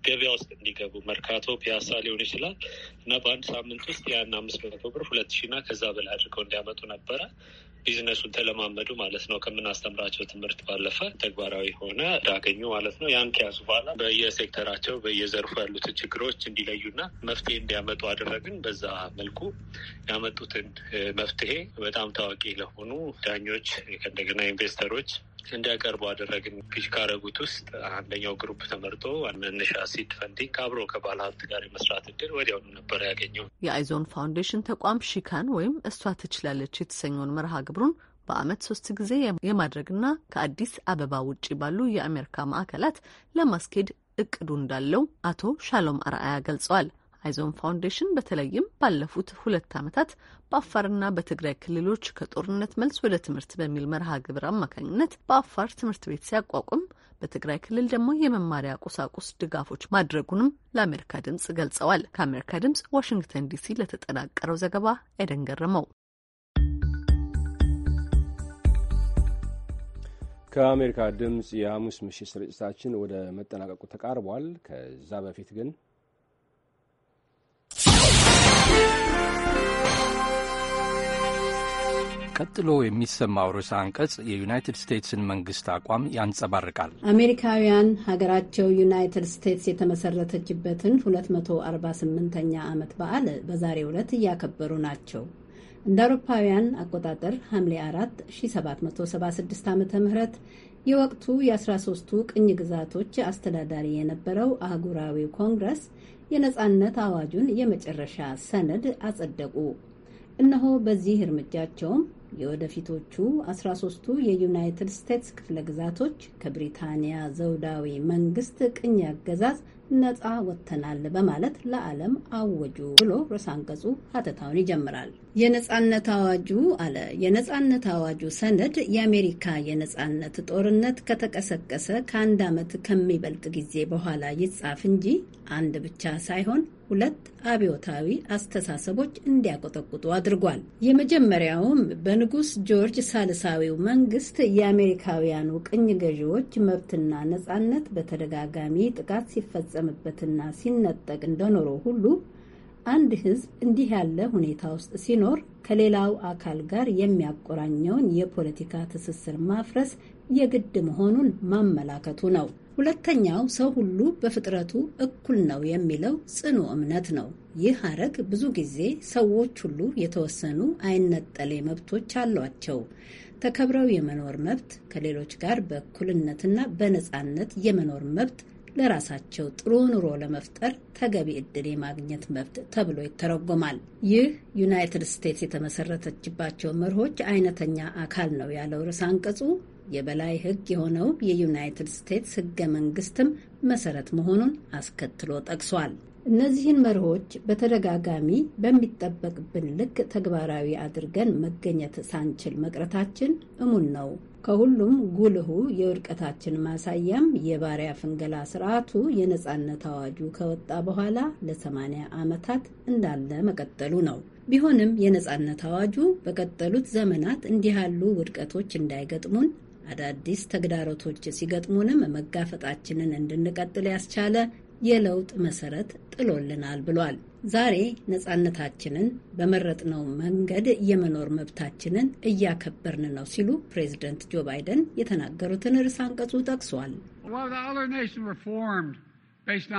ገበያ ውስጥ እንዲገቡ መርካቶ፣ ፒያሳ ሊሆን ይችላል እና በአንድ ሳምንት ውስጥ ያን አምስት መቶ ብር ሁለት ሺ እና ከዛ በላይ አድርገው እንዲያመጡ ነበረ። ቢዝነሱን ተለማመዱ ማለት ነው። ከምናስተምራቸው ትምህርት ባለፈ ተግባራዊ ሆነ እንዳገኙ ማለት ነው። ያን ከያዙ በኋላ በየሴክተራቸው በየዘርፉ ያሉትን ችግሮች እንዲለዩና መፍትሄ እንዲያመጡ አደረግን። በዛ መልኩ ያመጡትን መፍትሄ በጣም ታዋቂ ለሆኑ ዳኞች፣ ከእንደገና ኢንቨስተሮች እንዲያቀርቡ አደረግን። ፒች ካረጉት ውስጥ አንደኛው ግሩፕ ተመርጦ መነሻ ሲድ ፈንዲንግ አብሮ ከባለሀብት ጋር የመስራት እድል ወዲያውኑ ነበር ያገኘው። የአይዞን ፋውንዴሽን ተቋም ሺካን ወይም እሷ ትችላለች የተሰኘውን መርሃ ግብሩን በአመት ሶስት ጊዜ የማድረግና ከአዲስ አበባ ውጭ ባሉ የአሜሪካ ማዕከላት ለማስኬድ እቅዱ እንዳለው አቶ ሻሎም አርአያ ገልጸዋል። አይዞን ፋውንዴሽን በተለይም ባለፉት ሁለት ዓመታት በአፋርና በትግራይ ክልሎች ከጦርነት መልስ ወደ ትምህርት በሚል መርሃ ግብር አማካኝነት በአፋር ትምህርት ቤት ሲያቋቁም በትግራይ ክልል ደግሞ የመማሪያ ቁሳቁስ ድጋፎች ማድረጉንም ለአሜሪካ ድምጽ ገልጸዋል። ከአሜሪካ ድምጽ ዋሽንግተን ዲሲ ለተጠናቀረው ዘገባ አይደን ገረመው። ከአሜሪካ ድምፅ የሐሙስ ምሽት ስርጭታችን ወደ መጠናቀቁ ተቃርቧል። ከዛ በፊት ግን ቀጥሎ የሚሰማው ርዕሰ አንቀጽ የዩናይትድ ስቴትስን መንግስት አቋም ያንጸባርቃል። አሜሪካውያን ሀገራቸው ዩናይትድ ስቴትስ የተመሰረተችበትን 248ኛ ዓመት በዓል በዛሬ ዕለት እያከበሩ ናቸው። እንደ አውሮፓውያን አቆጣጠር ሐምሌ 4 1776 ዓ ም የወቅቱ የ13ቱ ቅኝ ግዛቶች አስተዳዳሪ የነበረው አህጉራዊ ኮንግረስ የነጻነት አዋጁን የመጨረሻ ሰነድ አጸደቁ። እነሆ በዚህ እርምጃቸውም የወደፊቶቹ 13ቱ የዩናይትድ ስቴትስ ክፍለ ግዛቶች ከብሪታንያ ዘውዳዊ መንግስት ቅኝ አገዛዝ ነጻ ወጥተናል በማለት ለዓለም አወጁ ብሎ ርዕሰ አንቀጹ ሀተታውን ይጀምራል። የነጻነት አዋጁ አለ። የነጻነት አዋጁ ሰነድ የአሜሪካ የነጻነት ጦርነት ከተቀሰቀሰ ከአንድ ዓመት ከሚበልጥ ጊዜ በኋላ ይጻፍ እንጂ አንድ ብቻ ሳይሆን ሁለት አብዮታዊ አስተሳሰቦች እንዲያቆጠቁጡ አድርጓል። የመጀመሪያውም በንጉሥ ጆርጅ ሳልሳዊው መንግስት የአሜሪካውያኑ ቅኝ ገዢዎች መብትና ነጻነት በተደጋጋሚ ጥቃት ሲፈጸምበትና ሲነጠቅ እንደኖረው ሁሉ አንድ ሕዝብ እንዲህ ያለ ሁኔታ ውስጥ ሲኖር ከሌላው አካል ጋር የሚያቆራኘውን የፖለቲካ ትስስር ማፍረስ የግድ መሆኑን ማመላከቱ ነው። ሁለተኛው ሰው ሁሉ በፍጥረቱ እኩል ነው የሚለው ጽኑ እምነት ነው። ይህ ሐረግ ብዙ ጊዜ ሰዎች ሁሉ የተወሰኑ አይነጠሌ መብቶች አሏቸው። ተከብረው የመኖር መብት፣ ከሌሎች ጋር በእኩልነትና በነጻነት የመኖር መብት፣ ለራሳቸው ጥሩ ኑሮ ለመፍጠር ተገቢ እድል የማግኘት መብት ተብሎ ይተረጎማል። ይህ ዩናይትድ ስቴትስ የተመሰረተችባቸው መርሆች አይነተኛ አካል ነው ያለው ርዕሰ አንቀጹ የበላይ ሕግ የሆነው የዩናይትድ ስቴትስ ሕገ መንግስትም መሰረት መሆኑን አስከትሎ ጠቅሷል። እነዚህን መርሆች በተደጋጋሚ በሚጠበቅብን ልክ ተግባራዊ አድርገን መገኘት ሳንችል መቅረታችን እሙን ነው። ከሁሉም ጉልሁ የውድቀታችን ማሳያም የባሪያ ፍንገላ ስርዓቱ የነጻነት አዋጁ ከወጣ በኋላ ለ ዓመታት እንዳለ መቀጠሉ ነው። ቢሆንም የነጻነት አዋጁ በቀጠሉት ዘመናት እንዲህ ያሉ ውድቀቶች እንዳይገጥሙን አዳዲስ ተግዳሮቶች ሲገጥሙንም መጋፈጣችንን እንድንቀጥል ያስቻለ የለውጥ መሰረት ጥሎልናል ብሏል። ዛሬ ነጻነታችንን በመረጥነው መንገድ የመኖር መብታችንን እያከበርን ነው ሲሉ ፕሬዚደንት ጆ ባይደን የተናገሩትን ርዕስ አንቀጹ ጠቅሷል። based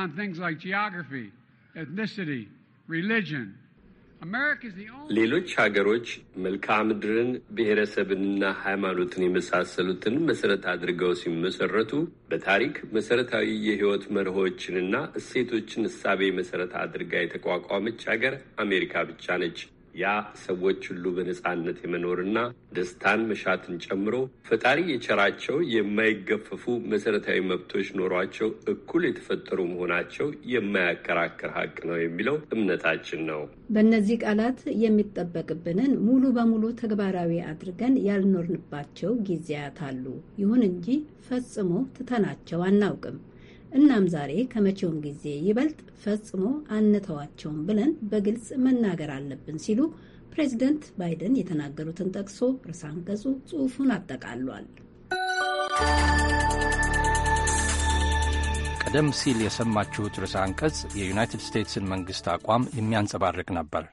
ሌሎች ሀገሮች መልክዓ ምድርን ብሔረሰብንና ሃይማኖትን የመሳሰሉትን መሰረት አድርገው ሲመሰረቱ በታሪክ መሰረታዊ የህይወት መርሆችንና እሴቶችን እሳቤ መሰረት አድርጋ የተቋቋመች ሀገር አሜሪካ ብቻ ነች። ያ ሰዎች ሁሉ በነጻነት የመኖርና ደስታን መሻትን ጨምሮ ፈጣሪ የቸራቸው የማይገፈፉ መሰረታዊ መብቶች ኖሯቸው እኩል የተፈጠሩ መሆናቸው የማያከራክር ሀቅ ነው የሚለው እምነታችን ነው። በእነዚህ ቃላት የሚጠበቅብንን ሙሉ በሙሉ ተግባራዊ አድርገን ያልኖርንባቸው ጊዜያት አሉ። ይሁን እንጂ ፈጽሞ ትተናቸው አናውቅም። እናም ዛሬ ከመቼውም ጊዜ ይበልጥ ፈጽሞ አንተዋቸውም ብለን በግልጽ መናገር አለብን ሲሉ ፕሬዚደንት ባይደን የተናገሩትን ጠቅሶ ርዕሰ አንቀጹ ጽሑፉን አጠቃሏል። ቀደም ሲል የሰማችሁት ርዕሰ አንቀጽ የዩናይትድ ስቴትስን መንግሥት አቋም የሚያንጸባርቅ ነበር።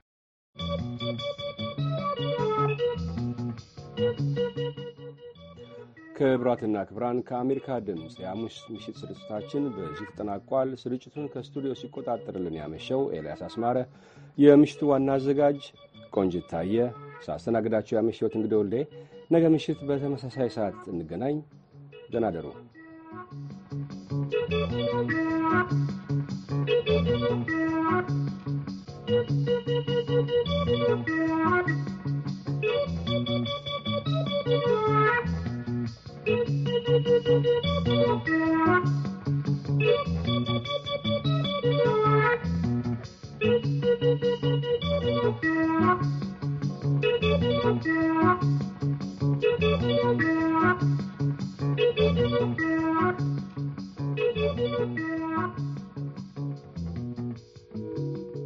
ክብራትና ክብራን ከአሜሪካ ድምፅ የሐሙስ ምሽት ስርጭታችን በዚህ ተጠናቋል። ስርጭቱን ከስቱዲዮ ሲቆጣጠርልን ያመሸው ኤልያስ አስማረ፣ የምሽቱ ዋና አዘጋጅ ቆንጅት ታየ፣ ሳስተናግዳቸው ያመሸሁት እንግዲህ ወልዴ። ነገ ምሽት በተመሳሳይ ሰዓት እንገናኝ። ደህና